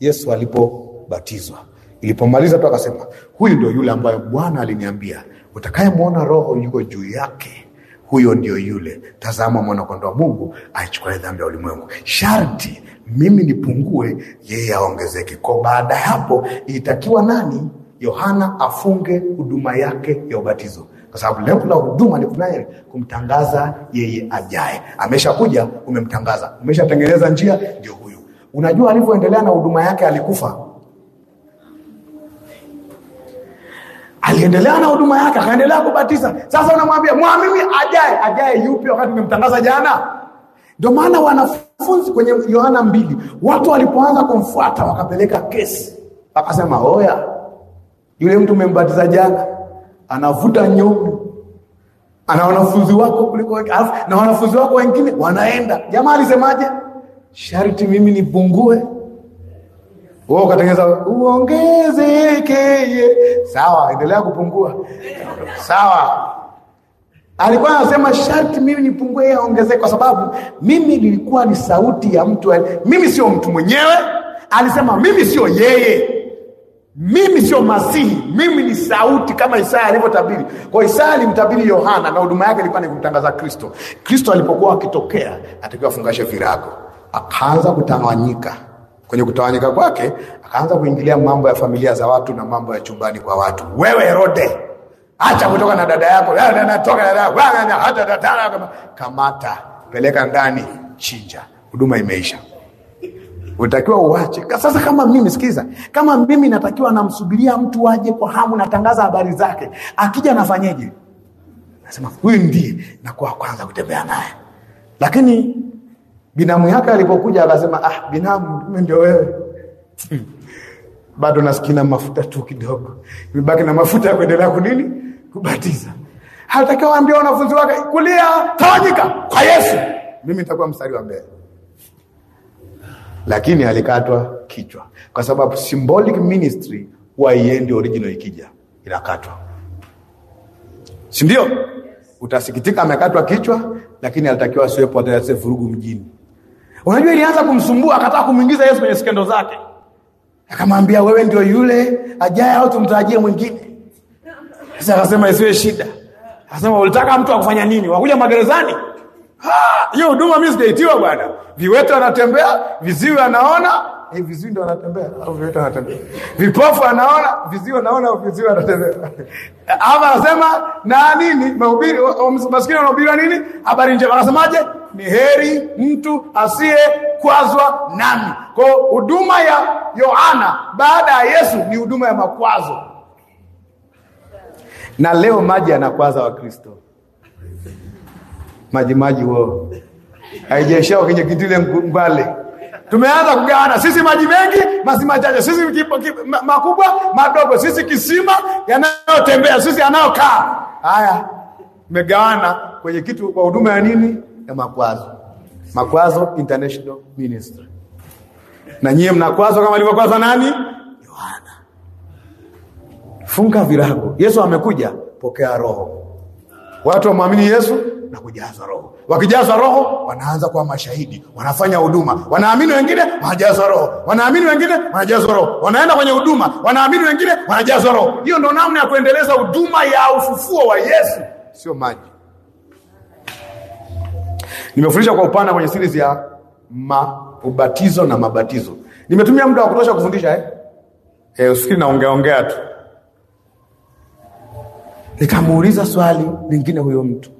Yesu alipobatizwa, ilipomaliza tu akasema, huyu ndio yule ambaye Bwana aliniambia, utakayemwona Roho yuko juu yake, huyo ndio yule, tazama mwana kondoo wa Mungu aichukua dhambi ya ulimwengu. Sharti mimi nipungue, yeye aongezeke. Kwa baada ya hapo, ilitakiwa nani? Yohana afunge huduma yake ya ubatizo kwa sababu lengo la huduma ni kunani? Kumtangaza yeye ajaye. Ameshakuja, umemtangaza, umeshatengeneza njia, ndio huyu. Unajua alivyoendelea na huduma yake, alikufa aliendelea na huduma yake, akaendelea kubatiza. Sasa unamwambia mwamini ajaye. Ajaye yupi wakati umemtangaza jana? Ndio maana wanafunzi kwenye Yohana mbili, watu walipoanza kumfuata wakapeleka kesi, wakasema oya, yule mtu umembatiza jana anavuta nyoni ana wanafunzi wako kuliko alafu na wanafunzi wako wengine wanaenda. Jamaa alisemaje? Sharti mimi nipungue wewe ukatengeneza uongezeke. Sawa, endelea kupungua. Sawa. Alikuwa anasema sharti mimi nipungue aongezeke, kwa sababu mimi nilikuwa ni sauti ya mtu. Mimi sio mtu mwenyewe, alisema mimi sio yeye mimi sio Masihi, mimi ni sauti kama Isaya alivyotabiri. Kwa Isaya alimtabiri Yohana na huduma yake ilikuwa ni kumtangaza Kristo. Kristo alipokuwa akitokea, atakiwa afungashe virago, akaanza kutawanyika. Kwenye kutawanyika kwake, akaanza kuingilia mambo ya familia za watu na mambo ya chumbani kwa watu. Wewe Herode, acha kutoka na dada yako, natoka dada yako, kamata, peleka ndani, chinja. Huduma imeisha utakiwa uache sasa. Kama mimi sikiza, kama mimi natakiwa namsubiria mtu aje kwa hamu, natangaza habari zake, akija nafanyeje? Nasema huyu ndiye nakuwa kwanza kutembea naye. Lakini binamu yake alipokuja akasema, ah, binamu mimi ndio wewe bado nasikina mafuta tu kidogo, imebaki na mafuta ya kuendelea kunini kubatiza. Hatakiwa ambia wanafunzi wake kulia, tawanyika kwa Yesu. Mimi nitakuwa mstari wa mbele lakini alikatwa kichwa, kwa sababu symbolic ministry huwa iendi original, ikija inakatwa, si ndio? Utasikitika amekatwa kichwa, lakini alitakiwa asiwepo, atayase vurugu mjini. Unajua, ilianza kumsumbua, akataka kumwingiza Yesu kwenye skendo zake, akamwambia wewe ndio yule ajaye au tumtarajie mwingine? Sasa akasema isiwe shida, akasema ulitaka mtu akufanya nini? Wakuja magerezani hiyo huduma mimi sijaitiwa bwana. Viwete wanatembea, viziwi anaona, eh, viziwi ndo anatembea au viwete anatembea? Vipofu anaona, viziwi anaona au viziwi anatembea? Hapa anasema na nini? Mahubiri maskini wanahubiriwa nini? Habari njema. Anasemaje? Ni heri mtu asiye kwazwa nami. Kwa huduma ya Yohana baada ya Yesu ni huduma ya makwazo, na leo maji yanakwaza Wakristo majimaji wao, haijaisha kwenye kitile mbali. Tumeanza kugawana sisi, maji mengi, masi machache, sisi makubwa, madogo, sisi kisima, yanayotembea, sisi yanayokaa. Haya, megawana kwenye kitu kwa huduma ya nini? Ya makwazo. Makwazo International Ministry, na nyie mnakwazo kama alivyokwaza nani? Yohana. Funga virago, Yesu amekuja, pokea roho. Watu wamwamini Yesu na kujazwa roho. Wakijazwa roho, wanaanza kuwa mashahidi, wanafanya huduma, wanaamini wengine, wanajazwa roho, wanaamini wengine, wanajazwa roho, wanaenda kwenye huduma, wanaamini wengine, wanajazwa roho. Hiyo ndo namna ya kuendeleza huduma ya ufufuo wa Yesu, sio maji. Nimefundisha kwa upana kwenye series ya ma, ubatizo na mabatizo. Nimetumia muda wa kutosha kufundisha eh? Eh, usikiri naongeaongea tu. Nikamuuliza swali lingine huyo mtu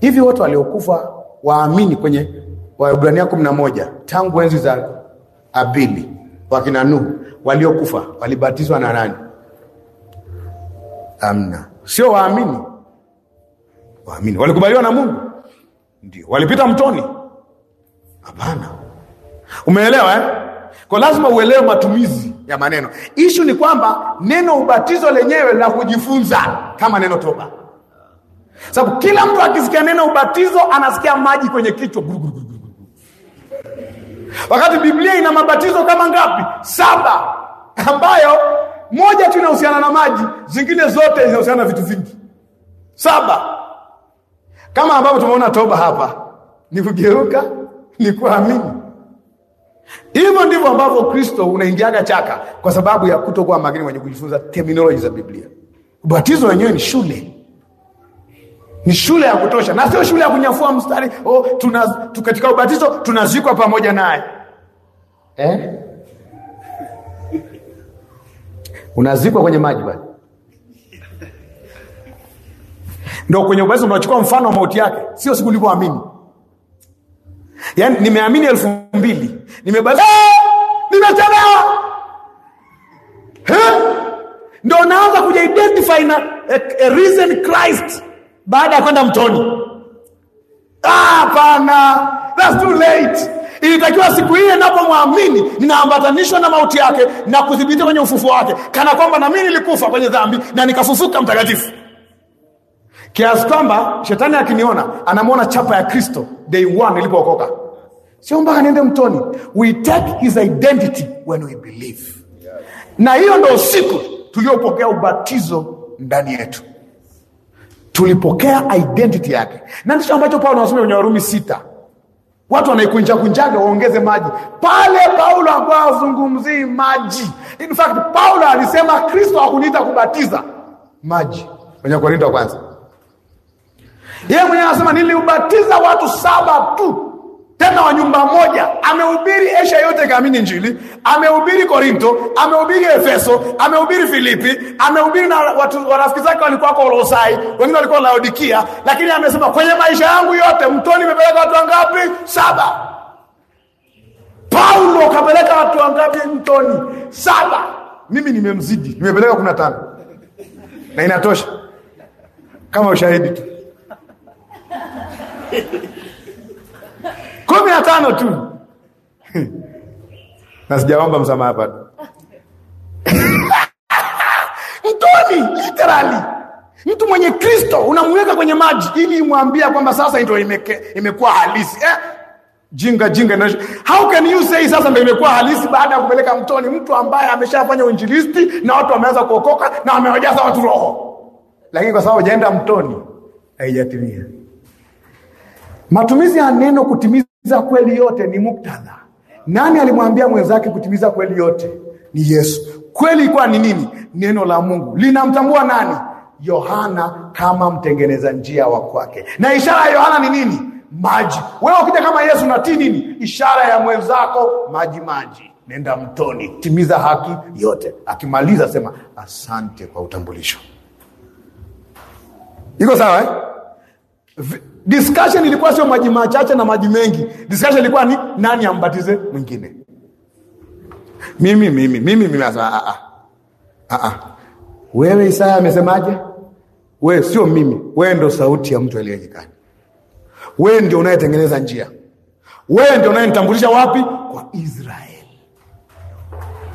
hivi wote waliokufa waamini kwenye Waebrania kumi na moja tangu enzi za Abili wakina Nuhu waliokufa walibatizwa na nani? Amna, sio waamini. Waamini walikubaliwa na Mungu, ndio walipita mtoni? Hapana. Umeelewa eh? Kwa lazima uelewe matumizi ya maneno. Ishu ni kwamba neno ubatizo lenyewe la kujifunza kama neno toba sababu kila mtu akisikia neno ubatizo anasikia maji kwenye kichwa wakati Biblia ina mabatizo kama ngapi? Saba, ambayo moja tu inahusiana na maji, zingine zote zinahusiana na vitu vingi. Saba, kama ambavyo tumeona toba hapa, ni kugeuka, ni kuamini. Hivyo ndivyo ambavyo Kristo unaingiaga chaka, kwa sababu ya kutokuwa makini kwenye kujifunza terminology za Biblia. Ubatizo wenyewe ni shule ni shule ya kutosha na sio shule ya kunyafua mstari oh, tuna katika ubatizo tunazikwa pamoja naye eh? unazikwa kwenye maji bali ndo kwenye ubatizo unachukua mfano wa mauti yake sio siku ulivyoamini yaani nimeamini elfu mbili nimebaza eh! nimechelewa ndo naanza kuja identify na a, eh, a risen Christ baada ya kwenda mtoni. Hapana, ah, that's too late. Ilitakiwa siku ile ninapomwamini ninaambatanishwa na mauti yake na kudhibitiwa kwenye ufufuo wake, kana kwamba na mimi nilikufa kwenye dhambi na nikafufuka mtakatifu, kiasi kwamba shetani akiniona anamwona chapa ya Kristo day one ilipookoka, sio mpaka niende mtoni. We take his identity when we believe, na hiyo ndo siku tuliopokea ubatizo ndani yetu tulipokea identity yake, na ndicho ambacho Paulo anasema kwenye Warumi sita watu kunjaga waongeze maji pale. Paulo alikuwa azungumzii maji. In fact, Paulo alisema Kristo hakuniita kubatiza maji, kwenye korinto kwanza. Yeye mwenyewe anasema niliubatiza watu saba tu tena wa nyumba moja. Amehubiri Asia yote kaamini Injili, amehubiri Korinto, amehubiri Efeso, amehubiri Filipi, amehubiri na watu warafiki zake walikuwa kwa Kolosai, wengine walikuwa Laodikia, lakini amesema kwenye maisha yangu yote mtoni nimepeleka watu wangapi? Saba. Paulo kapeleka watu wangapi mtoni? Saba. Mimi nimemzidi, nimepeleka kumi na tano na inatosha kama ushahidi tu kumi na tano tu na sijaomba msamaha bado mtoni literally mtu mwenye Kristo unamweka kwenye maji ili imwambia kwamba sasa ndio imekuwa halisi eh? jinga jinga na how can you say sasa ndio imekuwa halisi baada ya kupeleka mtoni mtu ambaye ameshafanya uinjilisti na watu wameanza kuokoka na wamewajaza watu roho lakini kwa sababu hajaenda mtoni haijatimia matumizi ya neno kutimiza za kweli yote ni muktadha. Nani alimwambia mwenzake kutimiza kweli yote? Ni Yesu. Kweli ilikuwa ni nini? Neno la Mungu linamtambua nani? Yohana kama mtengeneza njia wa kwake, na ishara ya Yohana ni nini? Maji. Wewe ukija kama Yesu natii nini? Ishara ya mwenzako maji, maji, nenda mtoni, timiza haki yote. Akimaliza sema asante kwa utambulisho. Iko sawa eh? Discussion ilikuwa sio maji machache na maji mengi. Discussion ilikuwa ni nani ambatize mwingine. Mimi mimi mimi mimi nasema ah, a ah, a. Ah. A a. Wewe Isaya amesemaje? Wewe sio mimi, wewe ndio sauti ya mtu aliyenyikani. Wewe ndio unayetengeneza njia. Wewe ndio unayenitambulisha wapi? Kwa Israeli.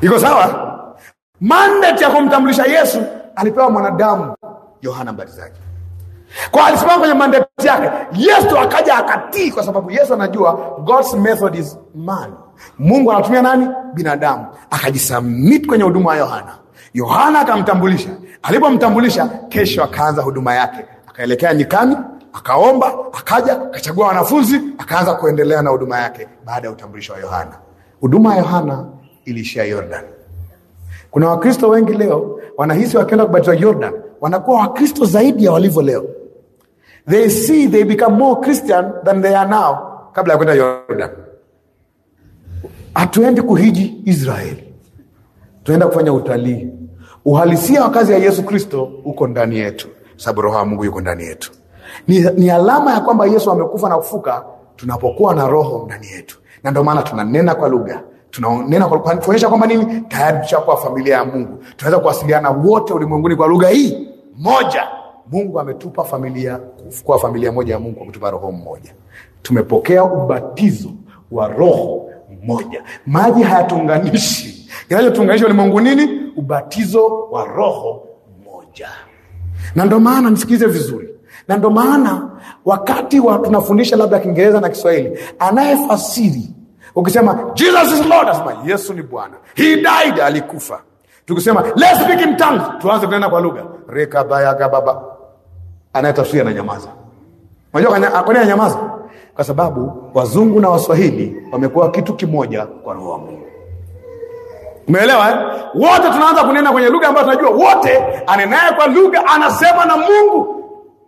Iko sawa? Mandate ya kumtambulisha Yesu alipewa mwanadamu Yohana Mbatizaji kwa alisimama kwenye mandate yake. Yesu akaja akatii, kwa sababu Yesu anajua God's method is man, Mungu anatumia nani? Binadamu. Akajisamit kwenye huduma ya Yohana. Yohana akamtambulisha, alipomtambulisha, kesho akaanza huduma yake, akaelekea nyikani, akaomba, akaja, akachagua wanafunzi, akaanza kuendelea na huduma yake baada ya utambulisho wa Yohana. Huduma ya Yohana iliishia Yordan. Kuna Wakristo wengi leo wanahisi wakienda kubatizwa Yordan wanakuwa Wakristo zaidi ya walivyo leo they see they become more Christian than they are now kabla ya kwenda Yordan. Hatuendi kuhiji Israel, tuenda kufanya utalii. Uhalisia wa kazi ya Yesu Kristo uko ndani yetu, sababu Roho wa Mungu yuko ndani yetu. Ni, ni alama ya kwamba Yesu amekufa na kufuka tunapokuwa na Roho ndani yetu, na ndio maana tunanena kwa lugha tunanena kuonyesha kwamba nini tayari tushakuwa familia ya Mungu, tunaweza kuwasiliana wote ulimwenguni kwa lugha hii moja Mungu ametupa familia kwa familia moja ya Mungu, kutupa roho mmoja. Tumepokea ubatizo wa roho mmoja. Maji hayatuunganishi, kinachotuunganisha yaani ulimwengu nini? Ubatizo wa roho mmoja. Na ndo maana msikilize vizuri, na ndo maana wakati wa tunafundisha labda Kiingereza na Kiswahili, anayefasiri ukisema Jesus is Lord, asema Yesu ni Bwana, he died, alikufa. Tukisema let's speak in tongues, tuanze kunena kwa lugha rekabayagababa anayetafsiri ananyamaza. Unajua kwa nini ananyamaza? Kwa sababu wazungu na waswahili wamekuwa kitu kimoja kwa roho wa Mungu. Umeelewa eh? Wote tunaanza kunena kwenye lugha ambayo tunajua wote, anenaye kwa lugha anasema na Mungu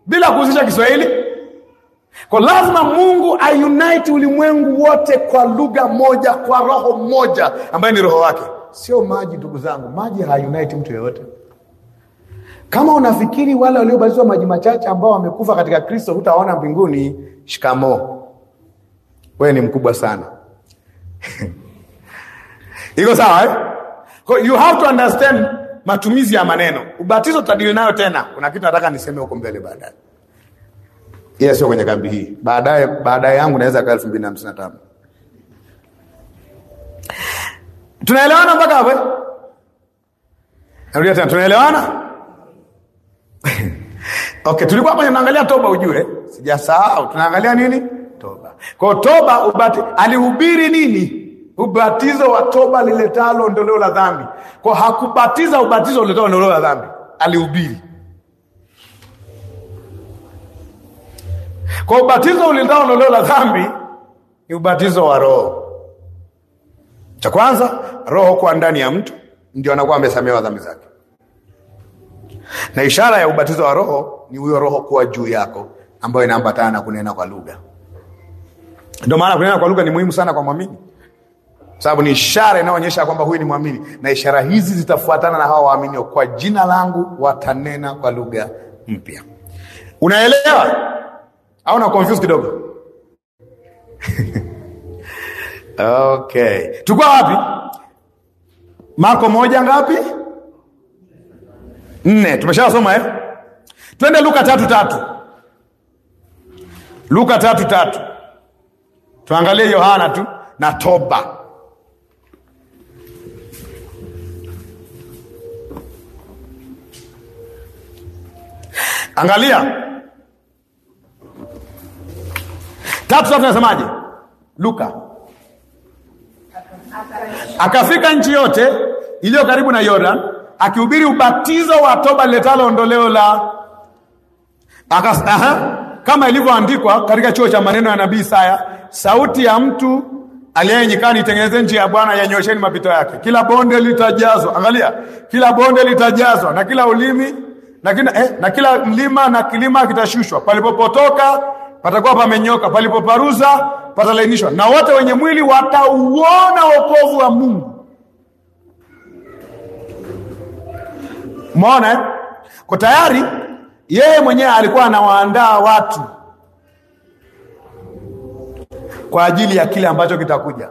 bila kuhusisha Kiswahili. Kwa lazima Mungu aunite ulimwengu wote kwa lugha moja, kwa roho moja ambaye ni roho wake, sio maji. Ndugu zangu, maji hayunaiti mtu yeyote. Kama unafikiri wale waliobatizwa maji machache ambao wamekufa katika Kristo hutaona mbinguni, shikamo, wewe ni mkubwa sana iko sawa eh? You have to understand matumizi ya maneno. Ubatizo tutadili nayo tena, kuna kitu nataka niseme huko mbele baadaye. Yes, sio kwenye kambi hii, baadaye baadaye yangu naweza kaa elfu mbili na hamsini na tano. Tunaelewana mpaka hapo? Eh? Narudia tena, tunaelewana Okay, tulikuwa kwenye tunaangalia toba, ujue sijasahau, tunaangalia nini? Toba. Kwa toba ubati, alihubiri nini? Ubatizo wa toba liletalo ondoleo la dhambi. Kwa hakubatiza ubatizo uletalo ondoleo la dhambi, alihubiri kwa ubatizo uletalo ondoleo la dhambi ni ubatizo wa Roho. Cha kwanza Roho kwa ndani ya mtu ndio anakuwa amesamehewa dhambi zake na ishara ya ubatizo wa Roho ni huyo Roho kuwa juu yako, ambayo inaambatana na kunena kwa lugha. Ndio maana kunena kwa lugha ni muhimu sana kwa mwamini, sababu ni ishara inayoonyesha kwamba huyu ni mwamini, na ishara hizi zitafuatana na hawa waaminio, kwa jina langu watanena kwa lugha mpya. Unaelewa au na confuse kidogo? Okay, tuko wapi? Marko moja ngapi? nne tumeshasoma eh? Twende Luka tatu tatu, Luka tatu tatu, tuangalie Yohana tu na toba. Angalia tatu tatu, nasemaje? Luka akafika nchi yote iliyo karibu na Yordan akihubiri ubatizo wa toba letalo ondoleo la Akas, aha, kama ilivyoandikwa katika chuo cha maneno ya nabii Isaya, sauti ya mtu aliyenyikana, itengeneze njia ya Bwana, yanyosheni mapito yake. Kila bonde litajazwa, angalia, kila bonde litajazwa na kila ulimi na kila, eh, na kila mlima na kilima kitashushwa. Palipopotoka patakuwa pamenyoka, palipoparuza patalainishwa, na wote wenye mwili watauona wokovu wa Mungu. Umeona eh? Kwa tayari yeye mwenyewe alikuwa anawaandaa watu kwa ajili ya kile ambacho kitakuja.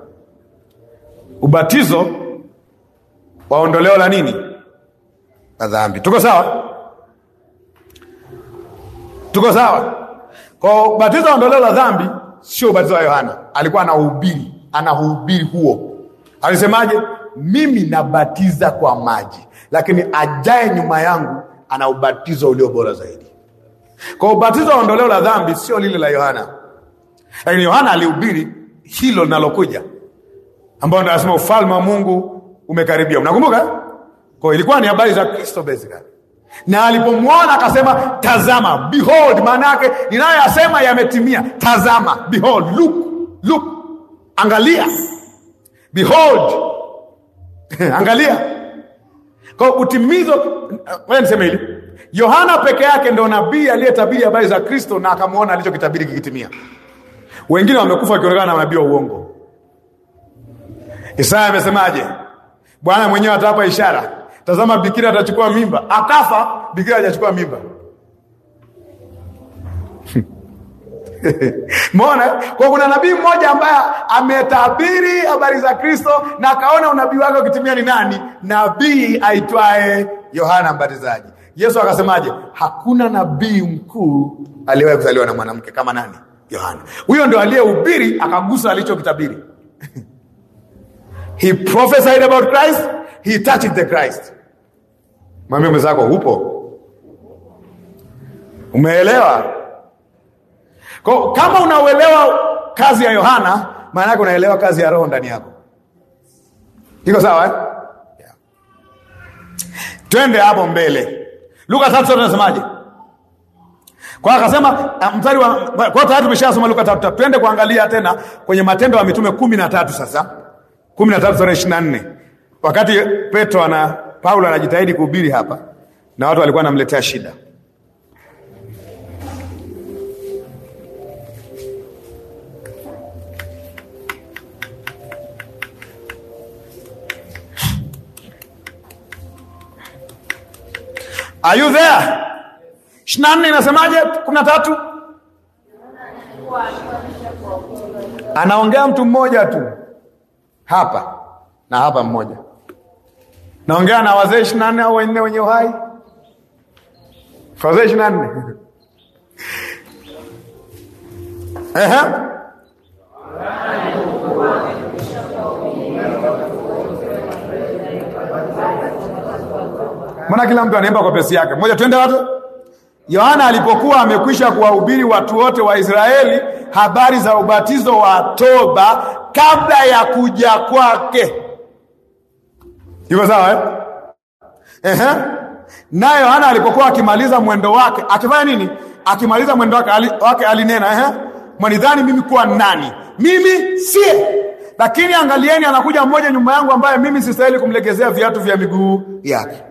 Ubatizo wa ondoleo la nini? La dhambi. Tuko sawa? Tuko sawa? Kwa ubatizo wa ondoleo la dhambi sio ubatizo wa Yohana, alikuwa anahubiri, anahubiri huo. Alisemaje? Mimi nabatiza kwa maji lakini ajaye nyuma yangu ana ubatizo ulio bora zaidi. Kwa ubatizo wa ondoleo la dhambi sio lile la Yohana, lakini Yohana alihubiri hilo linalokuja, ambao ndo anasema ufalme wa Mungu umekaribia. Mnakumbuka? Kwa ilikuwa ni habari za Kristo basically, na alipomwona akasema tazama, behold, maana yake ninayoyasema yametimia. Tazama, behold, look, look, angalia, behold, angalia kwa utimizo. Wewe niseme hili, Yohana peke yake ndo nabii aliyetabiri habari za Kristo na akamwona alichokitabiri kikitimia. Wengine wamekufa wakionekana na nabii wa uongo. Isaya amesemaje? Bwana mwenyewe atawapa ishara, tazama bikira atachukua mimba. Akafa, bikira hajachukua mimba Mbona kwa kuna nabii mmoja ambaye ametabiri habari za Kristo na akaona unabii wake ukitimia ni nani? Nabii aitwaye Yohana Mbatizaji. Yesu akasemaje? Hakuna nabii mkuu aliyewahi kuzaliwa na mwanamke kama nani? Yohana. Huyo ndio aliyehubiri akagusa alichokitabiri. He prophesied about Christ, he touched the Christ. Mwambie mwenzako upo. Umeelewa? Kwa kama unauelewa kazi ya Yohana, maana yake unaelewa kazi ya Roho ndani yako. Iko sawa eh? Yeah. Twende hapo mbele. Luka 3 unasemaje Kwa akasema ah, mstari wa kwa tayari tumeshasoma Luka 3. Twende kuangalia tena kwenye Matendo ya Mitume kumi na tatu sasa. kumi na tatu sura ishirini na nne wakati Petro na Paulo anajitahidi kuhubiri hapa na watu walikuwa wanamletea shida Are you there? Ishirini nne inasemaje? kumi na tatu anaongea mtu mmoja tu hapa na hapa mmoja, naongea na wazee ishirini na nne au wanne wenye uhai, wazee ishirini na nne Mbona kila mtu anaimba kwa pesi yake? Mmoja twende watu. Yohana alipokuwa amekwisha kuwahubiri watu wote wa Israeli habari za ubatizo wa toba kabla ya kuja kwake. Hivyo sawa eh? Ehe. Na Yohana alipokuwa akimaliza mwendo wake, akifanya nini? Akimaliza mwendo wake, ali, wake alinena, ehe. Mwanidhani mimi kuwa nani? Mimi si Lakini angalieni, anakuja mmoja nyuma yangu ambaye mimi sistahili kumlegezea viatu vya miguu yake.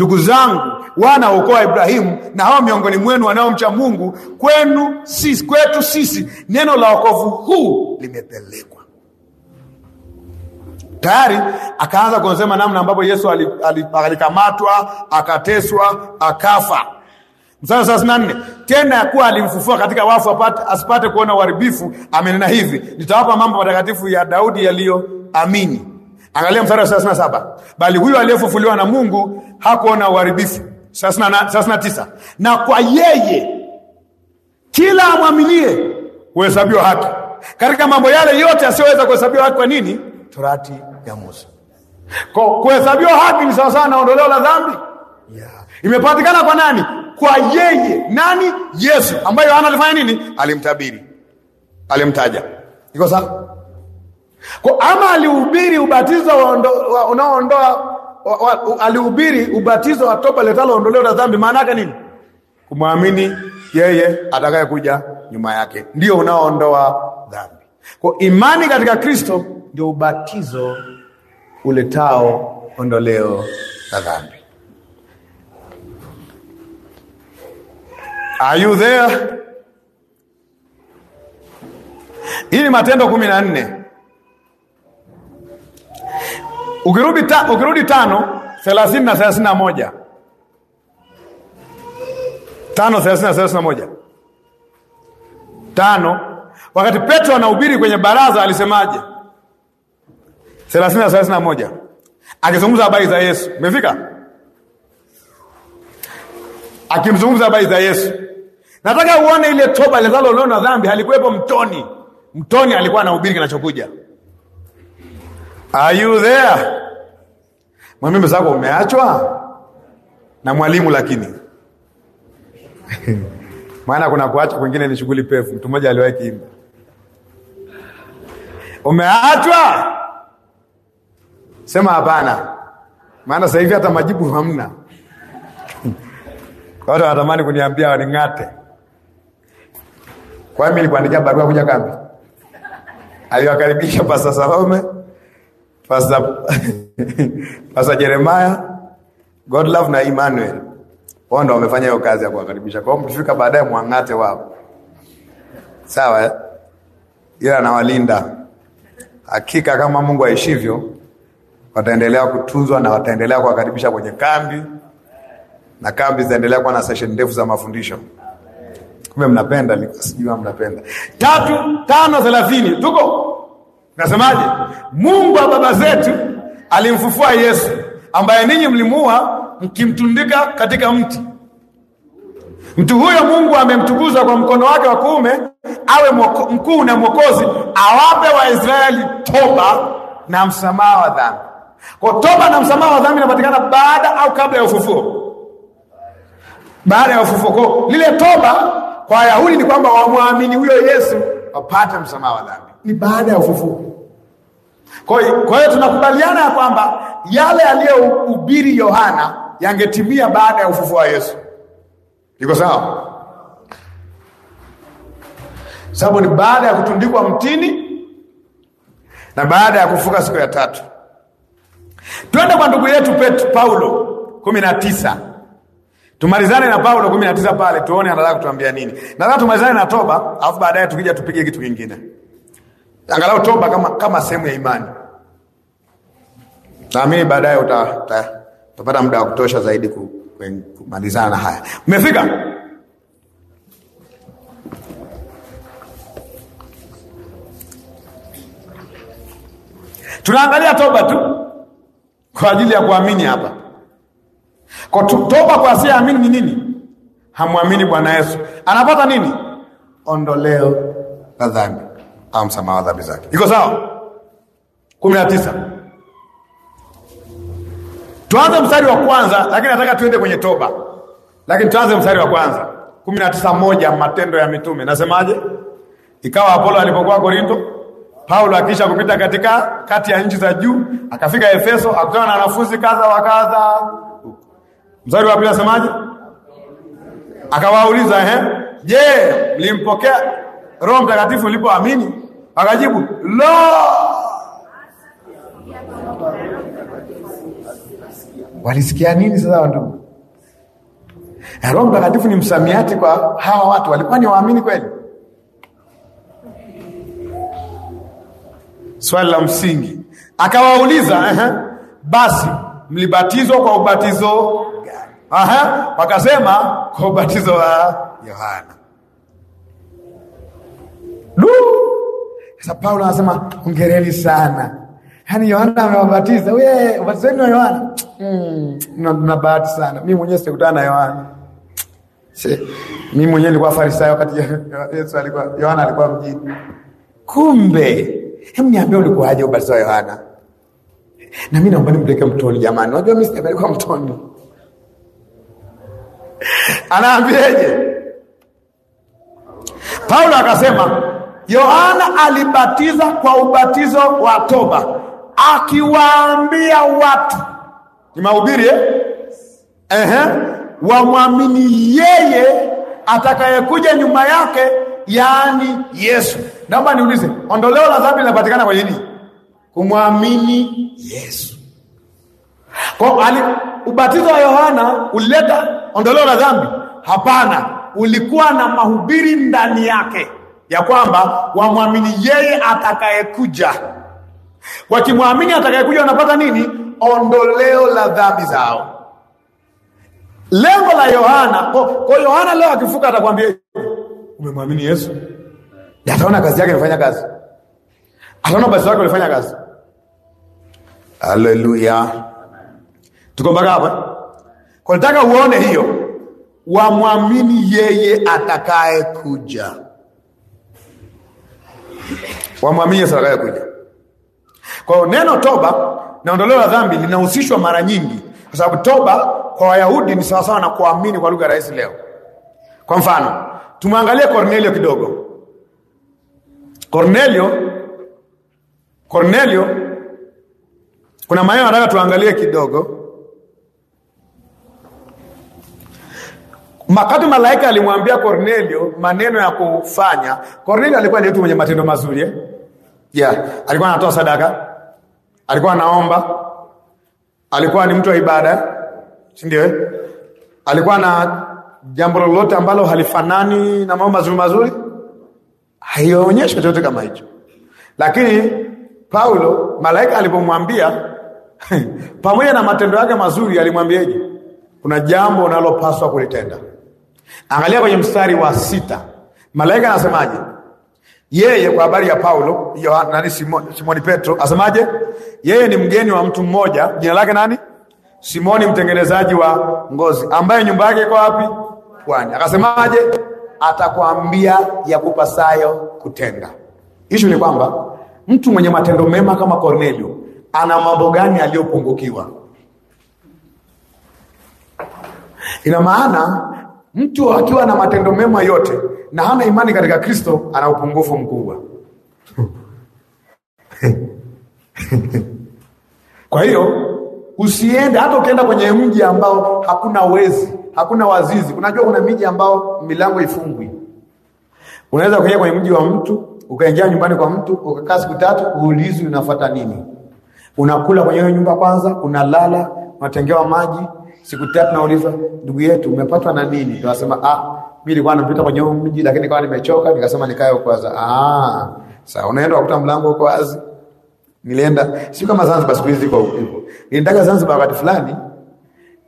Ndugu zangu, wana ukoa Ibrahimu na hawa miongoni mwenu wanaomcha Mungu, kwenu sisi, kwetu sisi neno la wokovu huu limepelekwa tayari. Akaanza kusema namna ambavyo Yesu alikamatwa, akateswa, akafa. Mstari thelathini na nne tena ya kuwa alimfufua katika wafu apate, asipate kuona uharibifu, amenena hivi, nitawapa mambo matakatifu ya Daudi yaliyo amini Angalia mstari wa saba Bali huyo aliyefufuliwa na Mungu hakuona uharibifu. tisa Na kwa yeye kila amwaminie huhesabiwa haki katika mambo yale yote asiyoweza kuhesabiwa haki. Kwa nini? Torati ya Musa. Kwa kuhesabiwa haki ni sawasawa na ondoleo la dhambi, yeah. Imepatikana kwa nani? Kwa yeye. Nani? Yesu, ambaye Yohana alifanya nini? Alimtabiri, alimtaja. Iko sawa? Kwa ama alihubiri ubatizo unaoondoa alihubiri ubatizo wa toba letalo ondoleo la dhambi, maana yake nini? Kumwamini yeye atakayekuja nyuma yake ndio unaoondoa dhambi. Kwa imani katika Kristo ndio ubatizo uletao ondoleo la dhambi. Are you there? Hii ni Matendo kumi na nne Ukirudi ta, ukirudi tano thelathini na thelathini na moja tano thelathini na thelathini na moja tano wakati Petro anahubiri kwenye baraza alisemaje? thelathini na thelathini na moja akizungumza habari za Yesu. Umefika akimzungumza habari za Yesu. Nataka uone ile toba na dhambi halikuwepo mtoni. Mtoni alikuwa anahubiri kinachokuja Are you there? Mwambie mwenzako umeachwa na mwalimu, lakini maana kuna kuacha kwingine ni shughuli pevu. Mtu mmoja aliwahi kiimba, umeachwa sema hapana, maana sasa hivi hata majibu hamna. Watu wanatamani kuniambia waning'ate. Kwa hiyo nilikuandikia barua kuja kambi, aliwakaribisha Pasta Salome Pastor, Pastor Jeremiah, Love na Emmanuel wao ndio wamefanya hiyo kazi ya kuwakaribisha. Kwa hiyo mkifika baadaye mwang'ate wao, sawa? Eh? ila anawalinda hakika, kama Mungu aishivyo wataendelea kutunzwa na wataendelea kuwakaribisha kwenye kambi, na kambi zitaendelea kuwa na session ndefu za mafundisho. Kumbe mnapenda, sijui mnapenda. tatu tano thelathini tuko Nasemaje? Mungu wa baba zetu alimfufua Yesu ambaye ninyi mlimuua mkimtundika katika mti. Mtu huyo Mungu amemtukuza kwa mkono wake wa kuume awe mwoko, mkuu na mwokozi, awape Waisraeli toba na msamaha wa dhambi. Kwa toba na msamaha wa dhambi inapatikana baada au kabla ya ufufuo? Baada ya ufufuo. Kwa lile toba kwa Wayahudi ni kwamba wamwamini huyo Yesu wapate msamaha wa dhambi ni baada ya ufufuo. Kwa hiyo tunakubaliana ya kwamba yale aliyohubiri Yohana yangetimia baada ya ufufuo wa Yesu. Iko sawa? Sababu ni baada ya kutundikwa mtini na baada ya kufuka siku ya tatu. Twende kwa ndugu yetu Petro Paulo kumi na tisa. Tumalizane na Paulo kumi na tisa pale tuone anataka kutuambia nini. Nataka tumalizane na toba, alafu baadaye tukija tupige kitu kingine angalau toba kama, kama sehemu ya imani. Naamini baadaye utapata muda wa kutosha zaidi kumalizana na haya. umefika Tunaangalia toba tu kwa ajili ya kuamini hapa. Kwa toba kwa asiyeamini ni nini? Hamwamini Bwana Yesu, anapata nini? Ondoleo la dhambi amsamaha dhambi zake. Iko sawa? kumi na tisa. Tuanze mstari wa kwanza, lakini nataka tuende kwenye toba, lakini tuanze mstari wa kwanza kumi na tisa moja Matendo ya Mitume nasemaje? Ikawa Apolo alipokuwa Korinto, Paulo akiisha kupita katika kati ya nchi za juu akafika Efeso, akutana na wanafunzi kadha wa kadha. Mstari wa pili nasemaje? Akawauliza, ehe, je, mlimpokea Roho Mtakatifu mlipoamini? Akajibu, la. Walisikia nini sasa ndugu? Roho Mtakatifu ni msamiati kwa hawa watu, walikuwa ni waamini kweli? Swali la msingi akawauliza, uh basi mlibatizwa kwa ubatizo gani? Aha, wakasema kwa ubatizo wa Yohana. Du! Sasa Paulo anasema ongereni sana. Yaani Yohana amewabatiza. Wewe ubatizo wenu wa Yohana? Mm, na bahati sana. Mimi mwenyewe sikutana na Yohana. mi mimi mwenyewe nilikuwa Farisayo wakati Yesu alikuwa Yohana alikuwa mjini. Kumbe, hem niambia ulikuwaje ubatizo wa Yohana? Na mimi naomba nimpeleke mtoni jamani. Unajua mimi sijapelekwa mtoni. Anaambieje? Paulo akasema Yohana alibatiza kwa ubatizo wa toba, akiwaambia watu ni mahubiri eh? Ehe, wamwamini yeye atakayekuja nyuma yake, yaani Yesu. Naomba niulize, ondoleo la dhambi linapatikana kwa nini? Kumwamini Yesu. Kwa ali, ubatizo wa Yohana ulileta ondoleo la dhambi? Hapana, ulikuwa na mahubiri ndani yake ya kwamba wamwamini yeye atakayekuja. Wakimwamini atakayekuja wanapata nini? Ondoleo la dhambi zao. Lengo la Yohana kwa, Yohana leo akifuka atakwambia umemwamini Yesu, ataona kazi yake imefanya kazi, ataona basi wake ulifanya kazi. Haleluya, tuko mpaka hapa. Kwa nataka uone hiyo, wamwamini yeye atakaye kuja wamwamini sadaka yako kuja. Kwa hiyo neno toba na ondoleo la dhambi linahusishwa mara nyingi, kwa sababu toba kwa Wayahudi ni sawasawa na kuamini kwa lugha rahisi leo. Kwa mfano, tumwangalie Kornelio kidogo. Kornelio, Kornelio, kuna maneno nataka tuangalie kidogo. Makati malaika alimwambia Kornelio maneno ya kufanya. Kornelio alikuwa ni mtu mwenye matendo mazuri eh? yeah. Alikuwa anatoa sadaka, alikuwa anaomba, alikuwa ni mtu wa ibada, si ndio? Eh? Alikuwa na jambo lolote ambalo halifanani na mambo mazuri mazuri, haionyeshwe chochote kama hicho. Lakini Paulo, malaika alipomwambia pamoja na matendo yake mazuri, alimwambiaje? Kuna jambo unalopaswa kulitenda. Angalia kwenye mstari wa sita, malaika anasemaje? Yeye kwa habari ya Paulo nani, Simoni, Simoni Petro asemaje? Yeye ni mgeni wa mtu mmoja, jina lake nani? Simoni mtengenezaji wa ngozi, ambaye nyumba yake iko wapi? Pwani. Akasemaje? Atakwambia yakupasayo kutenda. Hicho ni kwamba mtu mwenye matendo mema kama Kornelio ana mambo gani aliyopungukiwa? Ina maana Mtu akiwa na matendo mema yote na hana imani katika Kristo ana upungufu mkubwa. Kwa hiyo usiende, hata ukienda kwenye mji ambao hakuna wezi, hakuna wazizi. Unajua kuna miji ambao milango ifungwi. Unaweza kuingia kwenye mji wa mtu, ukaingia nyumbani kwa mtu, ukakaa siku tatu, uulizi unafuata nini. Unakula kwenye hiyo nyumba kwanza, unalala, unatengewa maji, Siku tatu nauliza, ndugu yetu, umepatwa na nini? Tunasema ah, mimi nilikuwa napita kwenye huu mji, lakini kwa nimechoka, nikasema nikae huko kwanza. Ah, sasa unaenda ukuta mlango uko wazi. Nilienda sio kama Zanzibar siku hizi kwa upepo. Nilitaka Zanzibar wakati fulani,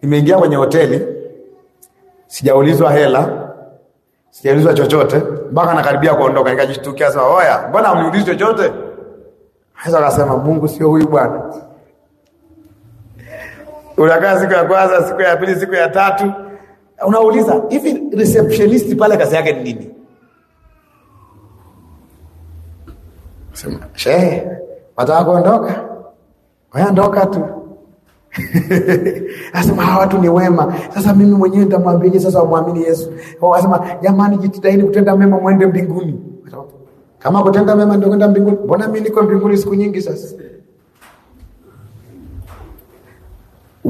nimeingia kwenye hoteli, sijaulizwa hela, sijaulizwa chochote, mpaka nakaribia kuondoka, nikajishtukia sasa, oya, mbona amniulizi chochote? Hasa akasema Mungu sio huyu bwana unakaa siku ya kwanza, siku ya pili, siku ya tatu, unauliza hivi receptionist pale kazi yake ni nini? Sema shehe, wataka kuondoka, ndoka tu Asema hawa watu ni wema. Sasa mimi mwenyewe nitamwambia sasa wamwamini Yesu. Oh, asema jamani, jitahidi kutenda mema mwende mbinguni. Kama kutenda mema ndio kwenda mbinguni, mbona mimi niko mbinguni siku nyingi sasa?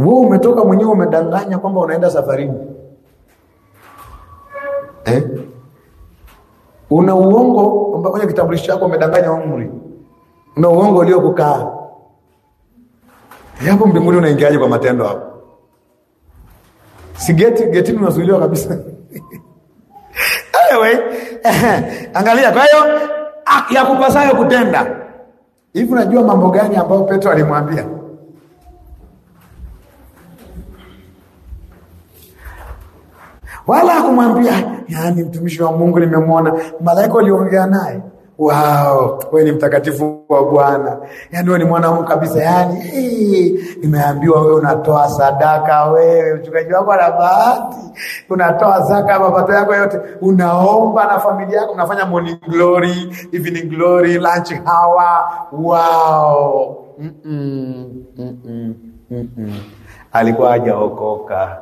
wewe umetoka mwenyewe umedanganya kwamba unaenda safarini eh? una uongo ambao kwenye kitambulisho chako umedanganya umri, una uongo uliokukaa eh, hapo. Mbinguni unaingiaje kwa matendo hapo? Si geti geti unazuiliwa kabisa. Anyway, angalia. Kwa hiyo ah, yakupasayo kutenda hivi. Unajua mambo gani ambayo Petro alimwambia wala hakumwambia yani mtumishi wa Mungu nimemwona. Malaika waliongea naye, wao, wewe ni mtakatifu wa Bwana, yani wewe ni mwanamu kabisa. yani nimeambiwa wewe unatoa sadaka, wewe mchungaji wako ana bahati, unatoa zaka mapato yako yote, unaomba na familia yako, unafanya morning glory, evening glory, lunch hour. Wow. mm -mm, mm -mm, mm -mm. Alikuwa hajaokoka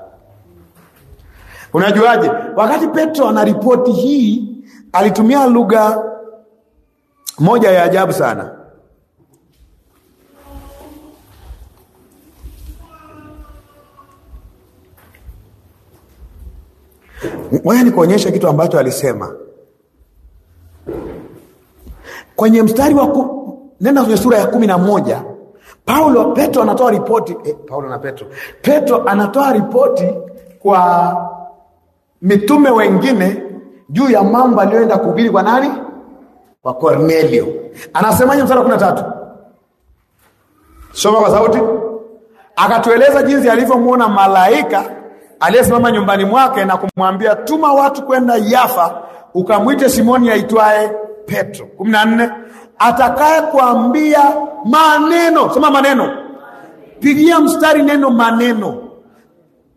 Unajuaje? Wakati Petro anaripoti hii, alitumia lugha moja ya ajabu sana. ni kuonyesha kitu ambacho alisema kwenye mstari wa ku... nenda kwenye sura ya kumi na moja Paulo Petro anatoa ripoti eh, Paulo na Petro Petro anatoa ripoti kwa mitume wengine juu ya mambo aliyoenda kuhubiri kwa nani? Kwa Kornelio. Anasemaje mstari wa kumi na tatu? Soma kwa sauti. Akatueleza jinsi alivyomwona malaika aliyesimama nyumbani mwake na kumwambia, tuma watu kwenda Yafa ukamwite Simoni aitwaye Petro. kumi na nne atakaye kuambia maneno. Sema maneno, pigia mstari neno maneno.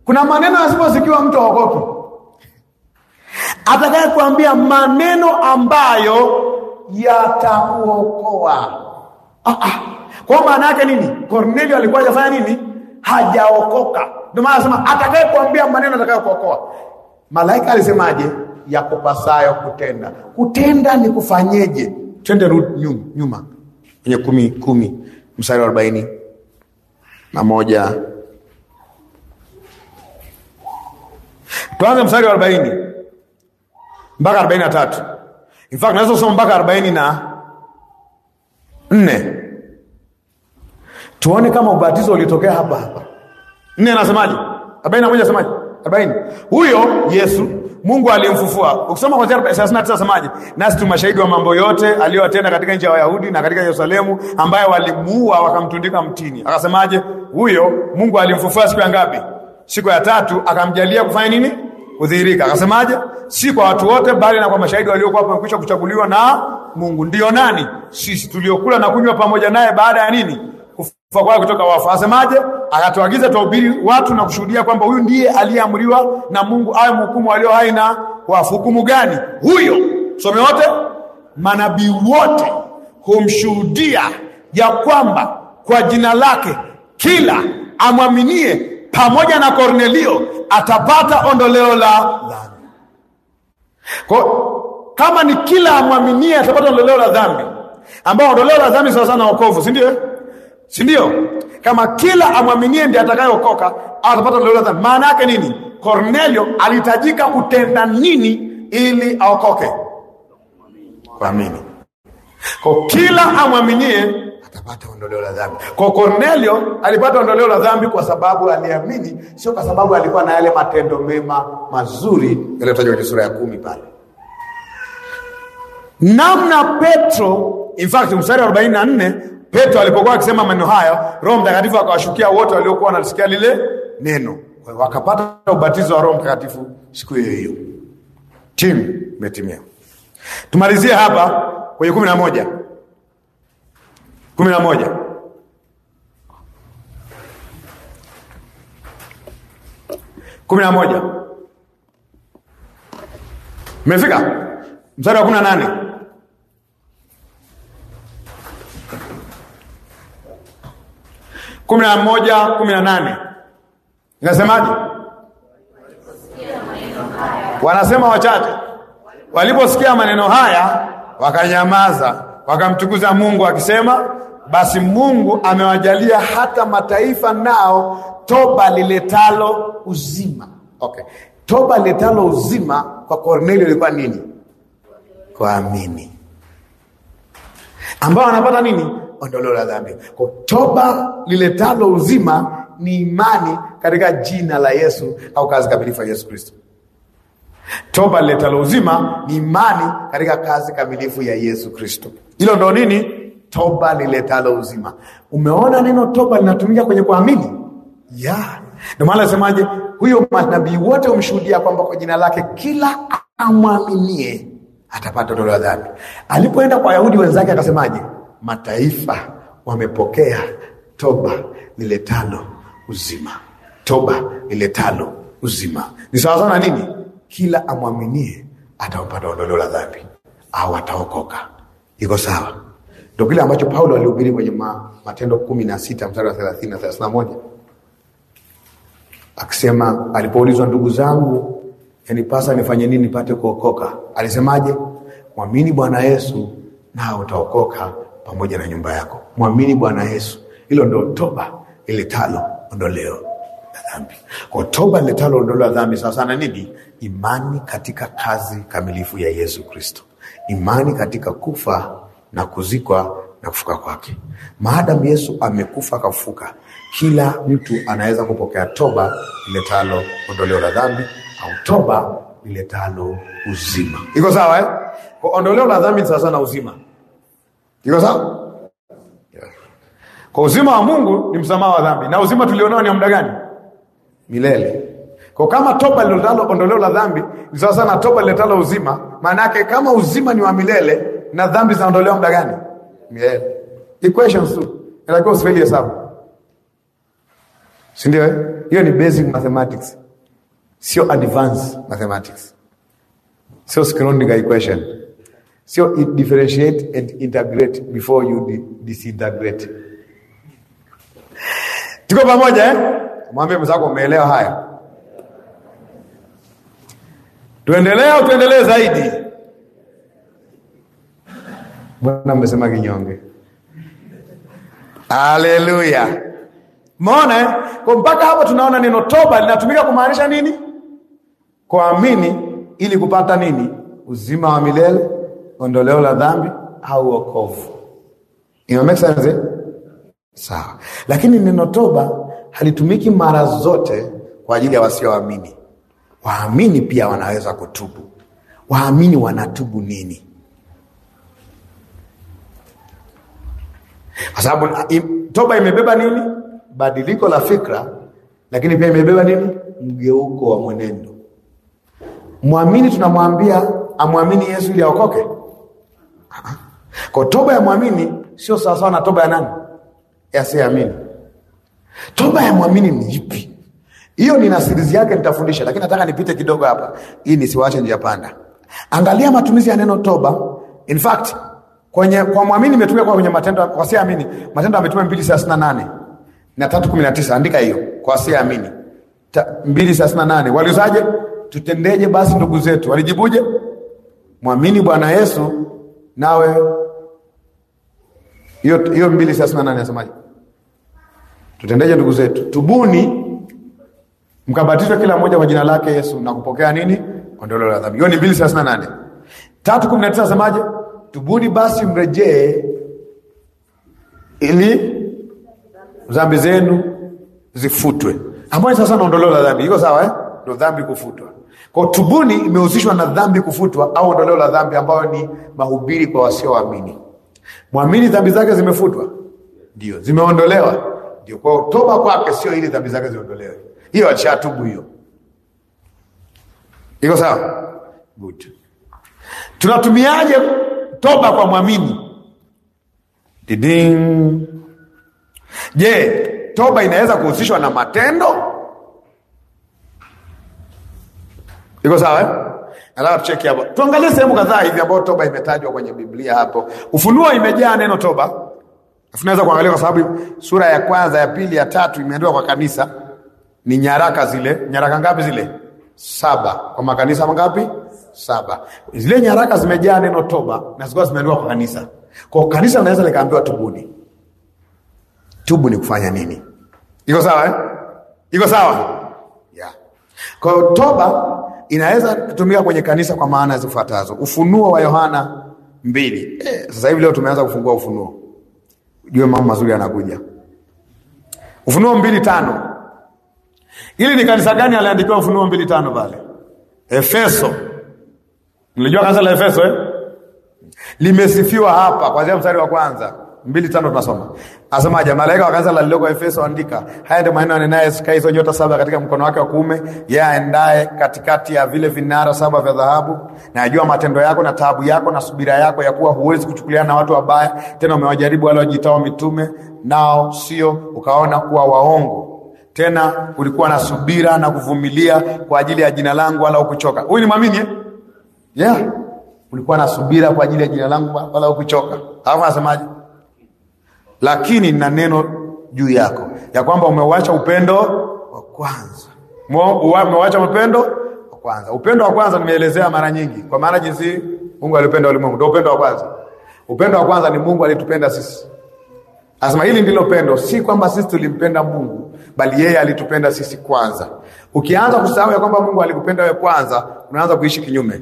Kuna maneno yasipozikiwa mtu aokoke atakaye kuambia maneno ambayo yatakuokoa. Ah, ah. Kwa maana yake nini? Cornelio alikuwa hajafanya nini? Hajaokoka. Ndio maana anasema atakaye kuambia maneno atakayokuokoa. Malaika alisemaje? Yakupasayo kutenda. Kutenda ni kufanyeje? Twende nyuma kwenye kumi kumi mstari wa arobaini na moja tuanze mstari wa arobaini mpaka arobaini na tatu in fact naweza kusoma mpaka arobaini na nne tuone kama ubatizo ulitokea hapa hapa. Nne anasemaje? arobaini na moja asemaje? arobaini huyo Yesu Mungu alimfufua. Ukisoma kwanzia 39 asemaje? Nasi tu mashahidi wa mambo yote aliyotenda katika nchi ya Wayahudi na katika Yerusalemu, ambaye walimuua wakamtundika mtini. Akasemaje? Huyo Mungu alimfufua siku ya ngapi? Siku ya tatu, akamjalia kufanya nini? udhihirika. Akasemaje? Si kwa watu wote, bali na kwa mashahidi waliokuwa wamekwisha kuchaguliwa na Mungu. Ndiyo nani? Sisi tuliokula na kunywa pamoja naye baada ya nini? Kufa kwake kutoka wafu. Akasemaje? Akatuagiza tuhubiri watu na kushuhudia kwamba huyu ndiye aliyeamriwa na Mungu awe mhukumu walio hai na wafu. Hukumu gani? Huyo some wote manabii wote humshuhudia ya kwamba kwa jina lake kila amwaminie pamoja na Kornelio atapata ondoleo la dhambi. Kwa kama ni kila amwaminie atapata ondoleo la dhambi, ambao ondoleo la dhambi sana sana wokovu, si ndio? Si ndio? Kama kila amwaminie ndiye atakayeokoka atapata ondoleo la dhambi. Maana yake nini? Kornelio alihitajika kutenda nini ili aokoke? Kuamini. Kwa kila amwaminie atapata ondoleo la dhambi. Kwa Kornelio alipata ondoleo la dhambi kwa sababu aliamini, sio kwa sababu alikuwa na yale matendo mema mazuri yaliyotajwa kwenye sura ya kumi pale. Namna Petro, in fact mstari wa arobaini na nne Petro alipokuwa akisema maneno hayo, Roho Mtakatifu akawashukia wote waliokuwa wanalisikia lile neno, wakapata ubatizo wa Roho Mtakatifu siku hiyo hiyo. Tim, metimia. Tumalizie hapa kwenye kumi na moja kumi na moja kumi na moja mefika mstari wa kumi na nane kumi na moja kumi na nane inasemaje? Wanasema wachache waliposikia maneno haya wakanyamaza wakamtukuza Mungu akisema, basi Mungu amewajalia hata mataifa nao toba liletalo uzima. Okay, toba liletalo uzima kwa Kornelio ilikuwa nini? Kuamini, ambao anapata nini? Ondoleo la dhambi. Kwa toba liletalo uzima ni imani katika jina la Yesu au kazi kamilifu ya Yesu Kristo. Toba liletalo uzima ni imani katika kazi kamilifu ya Yesu Kristo. Hilo ndo nini? Toba liletalo uzima. Umeona neno toba linatumika kwenye kuamini ya yeah. Ndio maana nasemaje, huyo manabii wote umshuhudia kwamba kwa jina lake kila amwaminie atapata ondoleo la dhambi. Alipoenda kwa Wayahudi wenzake akasemaje, mataifa wamepokea toba liletalo uzima. Toba liletalo uzima ni sawa sana nini? Kila amwaminie atapata ondoleo la dhambi au ataokoka iko sawa. Ndio kile ambacho Paulo alihubiri kwenye ma, Matendo kumi na sita mstari wa thelathini na thelathini na moja akisema, alipoulizwa ndugu zangu, yani pasa nifanye nini nipate kuokoka? Alisemaje? Mwamini Bwana Yesu na utaokoka pamoja na nyumba yako. Mwamini Bwana Yesu, hilo ndo toba iletalo ondoleo la dhambi. Kwa toba iletalo ondoleo la dhambi Sasa na nini? Imani katika kazi kamilifu ya Yesu Kristo imani katika kufa na kuzikwa na kufuka kwake. Maadamu Yesu amekufa akafuka, kila mtu anaweza kupokea toba iletalo ondoleo la dhambi au toba iletalo uzima. Iko sawa eh? ondoleo la dhambi sasa na uzima. Iko sawa? Kwa uzima wa Mungu ni msamaha wa dhambi, na uzima tulionao ni wa muda gani? Milele. Kwa kama toba lilotalo ondoleo la dhambi ni sawa sana toba lilotalo uzima, maana yake kama uzima ni wa milele na dhambi zinaondolewa muda gani? Milele. Equations tu. Inatakiwa usifeli hesabu. Si ndio? Eh? Hiyo ni basic mathematics. Sio advanced mathematics. Sio Schrodinger equation. Sio differentiate and integrate before you disintegrate. Tuko pamoja eh? Mwambie mzako umeelewa haya. Tuendelee au tuendelee zaidi? Bwana mmesema kinyonge. aleluya Umeona eh? kwa mpaka hapo, tunaona neno toba linatumika kumaanisha nini? Kuamini ili kupata nini? Uzima wa milele, ondoleo la dhambi au wokovu. Ina make sense eh? Sawa, lakini neno toba halitumiki mara zote kwa ajili ya wasioamini. Waamini pia wanaweza kutubu. Waamini wanatubu nini? Kwa sababu toba imebeba nini? Badiliko la fikra, lakini pia imebeba nini? Mgeuko wa mwenendo. Mwamini tunamwambia amwamini Yesu ili aokoke. Kwa toba ya mwamini sio sawasawa na toba ya nani? yasiamini Toba ya mwamini ni ipi? Hiyo ni nasirizi yake, nitafundisha, lakini nataka nipite kidogo hapa ili nisiwaache njia panda. Angalia matumizi ya neno toba. In fact, kwenye kwa mwamini imetumia kwa kwenye matendo kwa si amini. Matendo ya Mitume 2:38 na 3:19 andika hiyo kwa si amini. 2:38 waliuzaje? Tutendeje basi ndugu zetu? Walijibuje? Mwamini Bwana Yesu nawe hiyo hiyo 2:38 nasemaje? Tutendeje ndugu zetu? Tubuni mkabatizwe kila mmoja kwa jina lake Yesu na kupokea nini? Ondoleo la dhambi. Hiyo 2:38. 3:19 nasemaje? Tubuni basi mrejee ili dhambi zenu zifutwe, ambayo sasa na ondoleo la dhambi. Iko sawa eh? Ndio dhambi kufutwa. Kwa tubuni imehusishwa na dhambi kufutwa au ondoleo la dhambi, ambayo ni mahubiri kwa wasioamini. Mwamini dhambi zake zimefutwa, ndio zimeondolewa, ndio kwa toba kwake, sio ili dhambi zake ziondolewe hiyo alishatubu hiyo. Iko sawa? Good. Tunatumiaje toba kwa mwamini? Diding. Je, toba inaweza kuhusishwa na matendo? Iko sawa eh? Alafu tucheki hapo, tuangalie sehemu kadhaa hivi ambayo toba imetajwa kwenye Biblia hapo. Ufunuo imejaa neno toba, tunaweza kuangalia kwa sababu sura ya kwanza, ya pili, ya tatu imeandikwa kwa kanisa ni nyaraka zile. Nyaraka ngapi zile? Saba kwa makanisa mangapi? Saba. Zile nyaraka zimejaa neno toba na zikuwa zimeandikwa kwa kanisa. Kwa kanisa naweza likaambiwa tubuni. Tubu ni kufanya nini? Iko sawa eh? Iko sawa? Yeah. Kwa hiyo toba inaweza kutumika kwenye kanisa kwa maana zifuatazo. Ufunuo wa Yohana mbili. Eh, sasa hivi leo tumeanza kufungua Ufunuo. Ujue mambo mazuri yanakuja. Ufunuo mbili tano ili ni kanisa gani aliandikiwa Ufunuo mbili tano pale? Efeso. Unajua kanisa la Efeso eh? Limesifiwa hapa kwanzia mstari wa kwanza mbili tano tunasoma. Asemaje? Malaika wa kanisa la liloko Efeso andika, haya ndio maneno anenaye sika hizo nyota saba katika mkono wake wa kuume, yeye aendaye katikati ya vile vinara saba vya dhahabu. Najua matendo yako na taabu yako na subira yako, ya kuwa huwezi kuchukuliana na watu wabaya, tena umewajaribu wale wajitao mitume, nao sio, ukaona kuwa waongo tena ulikuwa na subira na kuvumilia kwa ajili ya jina langu wala hukuchoka. Huyu ni mwamini eh? Yeah. Ulikuwa na subira kwa ajili ya jina langu wala hukuchoka. Alafu anasemaje? Lakini nina neno juu yako ya kwamba umeuacha upendo wa kwanza. Umeuacha upendo wa kwanza. Upendo wa kwanza nimeelezea mara nyingi, kwa maana jinsi Mungu alipenda ulimwengu, ndio upendo wa kwanza. Upendo wa kwanza ni Mungu alitupenda sisi Anasema hili ndilo pendo, si kwamba sisi tulimpenda Mungu, bali yeye alitupenda sisi kwanza. Ukianza kusahau ya kwamba Mungu alikupenda wewe kwanza, unaanza kuishi kinyume.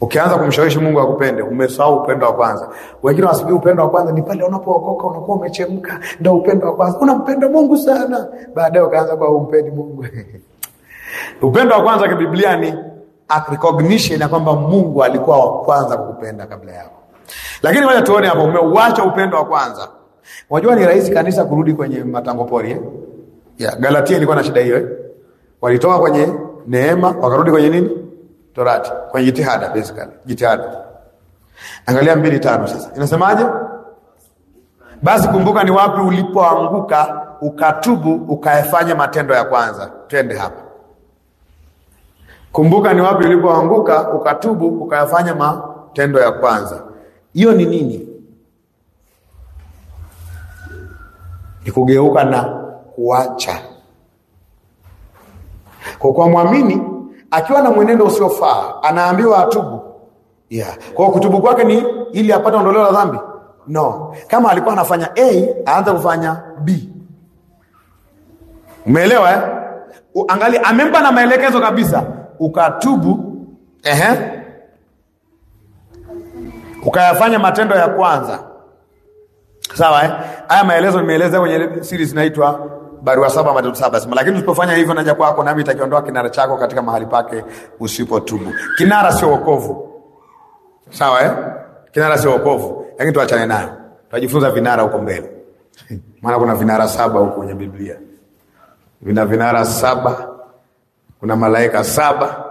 Ukianza kumshawishi Mungu akupende, umesahau upendo wa kwanza. Wengine wanasubiri upendo wa kwanza ni pale unapookoka, unakuwa umechemka, ndio upendo wa kwanza. Unampenda Mungu sana, baadaye ukaanza kwa umpendi Mungu. upendo wa kwanza kibiblia ni recognition ya kwamba Mungu alikuwa wa kwanza kukupenda kabla yako. Lakini wacha tuone hapo, umeuacha upendo wa kwanza. Unajua ni rahisi kanisa kurudi kwenye matango pori eh? Yeah, Galatia ilikuwa na shida hiyo eh? Walitoka kwenye neema wakarudi kwenye nini? Torati, kwenye jitihada basically. Jitihada. Angalia mbili tano sasa. Inasemaje? Basi kumbuka ni wapi ulipoanguka ukatubu ukayafanya matendo ya kwanza. Twende hapa. Kumbuka ni wapi ulipoanguka ukatubu ukayafanya matendo ya kwanza hiyo ni nini? Ni kugeuka na kuacha. Kwa kwa mwamini akiwa na mwenendo usiofaa anaambiwa atubu. Yeah. Kwa kutubu kwake ni ili apate ondoleo la dhambi? No. Kama alikuwa anafanya A, aanze kufanya B. Umeelewa eh? Angalia amempa na maelekezo kabisa. Ukatubu, ehe, ukayafanya matendo ya kwanza. Sawa eh? Haya maelezo nimeeleza kwenye series inaitwa barua saba matatu saba sema, lakini usipofanya hivyo naja kwako nami itakiondoa kinara chako katika mahali pake usipotubu. Kinara sio wokovu. Sawa eh? Kinara sio wokovu, lakini tuachane nayo. Tutajifunza vinara huko mbele. Maana kuna vinara saba huko kwenye Biblia. Vina vinara saba, kuna malaika saba,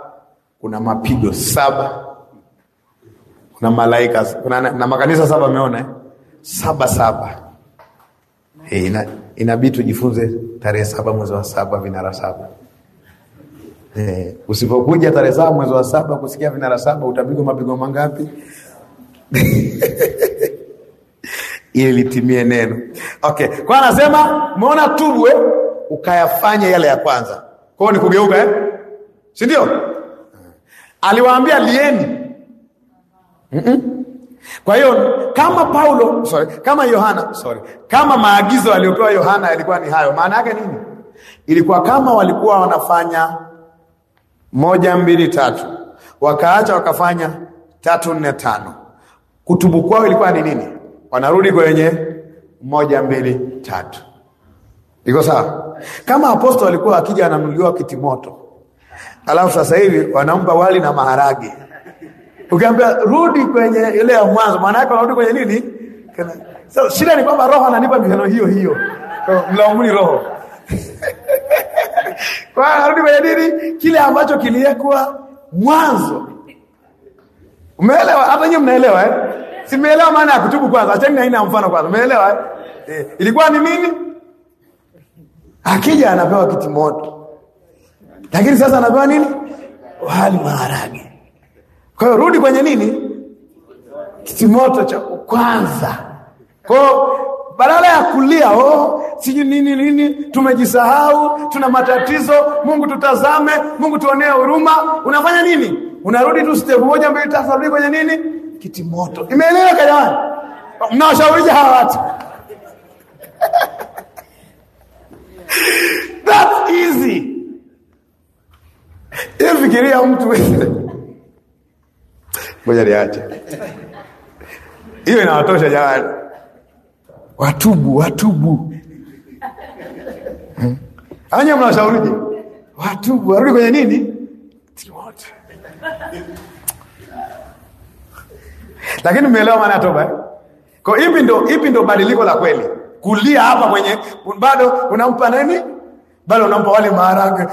kuna mapigo saba kuna malaika kuna na, na makanisa saba ameona eh? saba saba hey, eh, ina, inabidi tujifunze tarehe saba mwezi wa saba vinara saba hey, eh, usipokuja tarehe saba mwezi wa saba kusikia vinara saba utapigwa mapigo mangapi? ili litimie neno. Okay, kwa anasema umeona, tubwe eh? ukayafanye yale ya kwanza kwao ni kugeuka eh? si ndio? Aliwaambia lieni mm -mm. Kwa hiyo kama Paulo sorry, kama Yohana sorry, kama maagizo aliyopewa Yohana yalikuwa ni hayo, maana yake nini? Ilikuwa kama walikuwa wanafanya moja mbili tatu, wakaacha wakafanya tatu nne tano, kutubu kwao ilikuwa ni nini? Wanarudi kwenye moja mbili tatu. Iko sawa? Kama apostol alikuwa akija ananuliwa kitimoto, alafu sasa hivi wanampa wali na maharage Ukiambia rudi kwenye ile ya mwanzo, maana yake unarudi kwenye nini? Kana. So, shida ni kwamba roho ananipa mifano hiyo hiyo. Mlanguni roho. Kwa arudi kwenye nini? Kile ambacho kiliyekuwa mwanzo. Umeelewa? Hata nyinyi mnaelewa eh? Simeelewa maana ya kutubu kwanza. Acheni na ina mfano kwanza. Umeelewa eh? Eh, ilikuwa ni nini? Akija anapewa kitimoto. Lakini sasa anapewa nini? Wali maharage. Kwa hiyo rudi kwenye nini, kitimoto cha kwanza. Kwa hiyo badala ya kulia oh, sijui nini nini, tumejisahau, tuna matatizo, Mungu tutazame, Mungu tuonee huruma, unafanya nini? Unarudi tu step moja mbili tatu, rudi kwenye nini, kitimoto. Imeeleweka jamani? Mnawashaurija hawa watu That's easy. Ifikiria mtu Ngoja niache hiyo, inawatosha jamani. Watubu, watubu hmm? Anye mnawashaurije? Watubu, warudi kwenye nini? Lakini mmeelewa maana ya toba? Eh? Kwa ipi ndo ipi ndo badiliko la kweli? Kulia hapa kwenye bado unampa nini? bali unampa wali maharage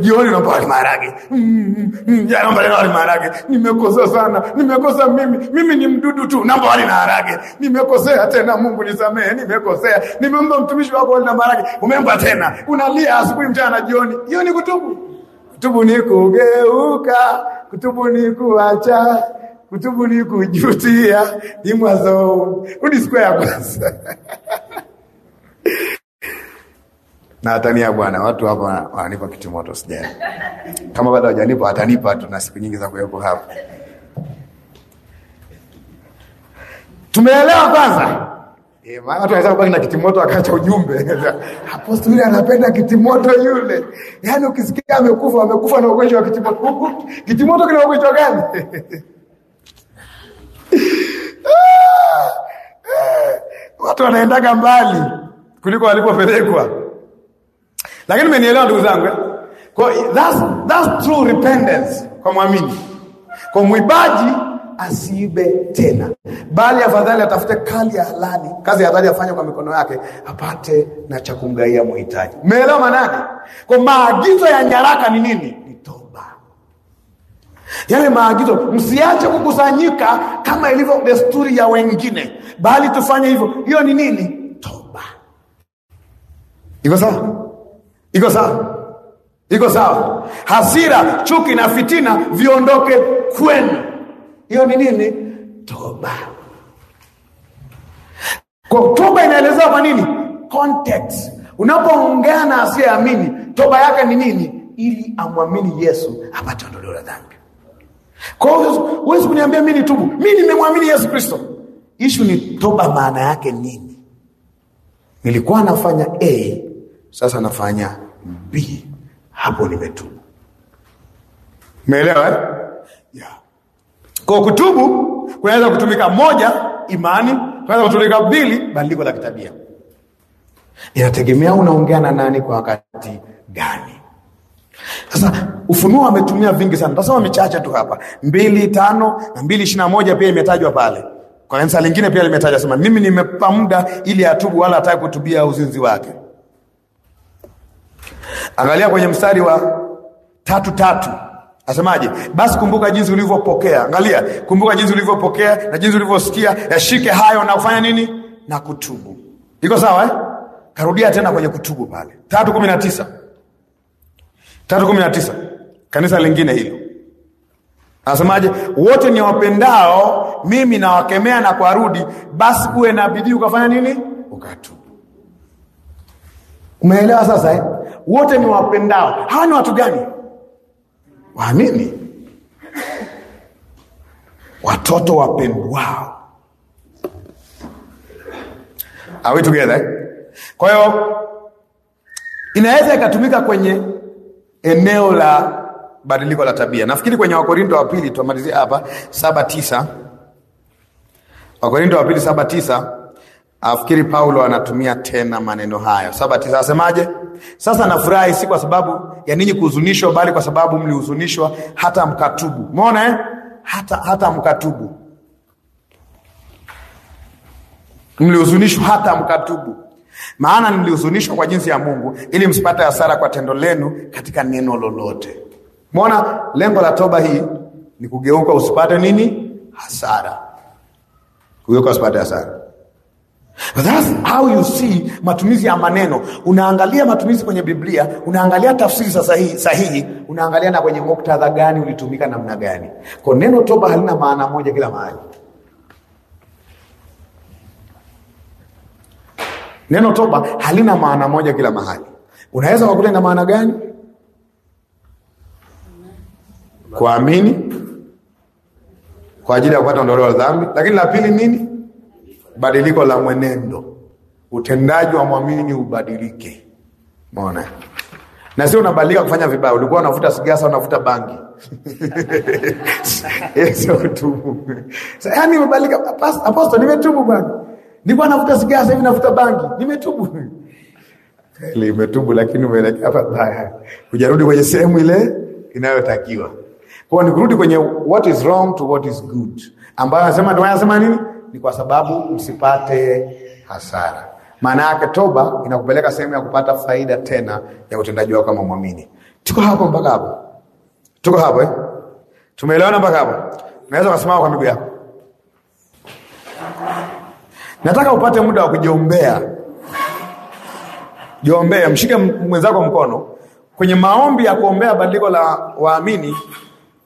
jioni, unampa wali maharage jana, bali wali maharage. Nimekosa sana, nimekosa mimi, mimi ni mdudu tu, namba wali na harage. Nimekosea tena, Mungu nisamehe, nimekosea. Nimeomba mtumishi wako wali na maharage, umeomba tena, unalia asubuhi, mchana, jioni. Hiyo ni kutubu? Kutubu ni kugeuka, kutubu ni kuacha, kutubu ni kujutia. Ni mwazo, rudi siku ya kwanza na atania bwana, watu hapa wananipa kitu moto sijai. kama bado hajanipa, atanipa tu, na siku nyingi za kuwepo hapa. Tumeelewa kwanza? Eh, maana tunaweza kubaki na kitimoto akaacha ujumbe. Apostoli anapenda kitimoto yule. Yaani ukisikia amekufa, amekufa na ugonjwa wa kitimoto. Kitimoto kina ugonjwa gani? Ah, eh, watu wanaendaga mbali kuliko walipopelekwa. Lakini mmenielewa ndugu zangu? Eh? Kwa that's, that's true repentance kwa mwamini. Kwa mwibaji asiibe tena, bali afadhali atafute kali ya halali, kazi ya halali afanye kwa mikono yake, apate na cha kumgaia mhitaji. Mmeelewa maana yake? Kwa maagizo ya nyaraka ni nini? Ni toba. Yale maagizo, msiache kukusanyika kama ilivyo desturi ya wengine, bali tufanye hivyo. Hiyo ni nini? Toba. Iko sawa? Iko sawa? Iko sawa? Hasira, chuki na fitina viondoke kwenu. Hiyo ni nini? Toba. Kwa toba inaelezewa kwa nini? Context. Unapoongea na asiyeamini, toba yake ni nini? Ili amwamini Yesu apate ondoleo la dhambi. Kwa hiyo huwezi kuniambia mimi nitubu. Mimi nimemwamini Yesu Kristo. Ishu ni toba, maana yake nini? Nilikuwa nafanya A, sasa nafanya B, hapo nimetubu. Umeelewa eh? Yeah. Kwa kutubu kunaweza kutumika moja, imani, kunaweza kutumika mbili, badiliko la kitabia. Inategemea unaongea na nani kwa wakati gani. Sasa Ufunuo ametumia vingi sana, tasoma michache tu hapa, mbili tano na mbili ishirini na moja pia imetajwa pale. Kwa kanisa lingine pia limetajwa sema, mimi nimepa muda ili atubu, wala hataki kutubia uzinzi wake. Angalia kwenye mstari wa tatu tatu Asemaje? Basi kumbuka jinsi ulivyopokea. Angalia, kumbuka jinsi ulivyopokea na jinsi ulivyosikia, yashike hayo na kufanya nini? Na kutubu. Iko sawa eh? Karudia tena kwenye kutubu pale. 3:19. 3:19. Kanisa lingine hilo. Anasemaje? Wote ni wapendao mimi nawakemea na kuarudi, basi uwe na bidii ukafanya nini? Ukatubu. Umeelewa sasa eh? wote ni wapendao. Hawa ni watu gani? Waamini, watoto wapendwao. Are we together? Eh? Kwa hiyo inaweza ikatumika kwenye eneo la badiliko la tabia. Nafikiri kwenye Wakorinto wa pili, tumalizie hapa, saba tisa. Wakorinto wa pili saba tisa Afikiri Paulo anatumia tena maneno hayo. saba tisa asemaje? Sasa nafurahi si kwa sababu ya ninyi kuhuzunishwa, bali kwa sababu mlihuzunishwa hata mkatubu. Umeona eh? hata, hata mkatubu, mlihuzunishwa hata mkatubu. Maana mlihuzunishwa kwa jinsi ya Mungu, ili msipate hasara kwa tendo lenu katika neno lolote. Umeona, lengo la toba hii ni kugeuka usipate nini? Hasara, kugeuka usipate hasara But that's how you see matumizi ya maneno. Unaangalia matumizi kwenye Biblia, unaangalia tafsiri sahihi, sahihi, unaangalia na kwenye muktadha gani ulitumika namna gani. Kwa neno toba halina maana moja kila mahali. Neno toba halina maana moja kila mahali. Unaweza kukuta na maana gani? Kuamini kwa ajili ya kupata ondoleo la dhambi, lakini la pili nini? badiliko la mwenendo, utendaji wa mwamini ubadilike. Umeona? Na sio unabadilika kufanya vibaya. Ulikuwa unavuta sigara, sasa unavuta bangi. Yesu utubu. Sasa yani umebadilika. Apostle, nimetubu bwana. Nilikuwa navuta sigara, sasa hivi navuta bangi. Nimetubu. Limetubu lakini umeelekea pabaya. Hujarudi kwenye sehemu ile inayotakiwa. Kwa hiyo nikurudi kwenye what is wrong to what is good. Ambayo anasema ndio anasema nini? ni kwa sababu msipate hasara. Maana yake toba inakupeleka sehemu ya kupata faida tena ya utendaji wako kama mwamini. Tuko hapo mpaka hapo? Tuko hapo eh? Tumeelewana mpaka hapo? Naweza kusimama kwa miguu yako. Nataka upate muda wa kujiombea. Jiombea, mshike mwenzako mkono. Kwenye maombi ya kuombea badiliko la waamini,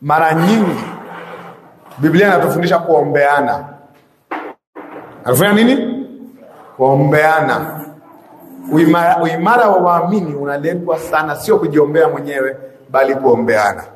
mara nyingi Biblia inatufundisha kuombeana. Alifanya nini? Kuombeana. Uimara, uimara wa waamini unaletwa sana sio kujiombea mwenyewe bali kuombeana.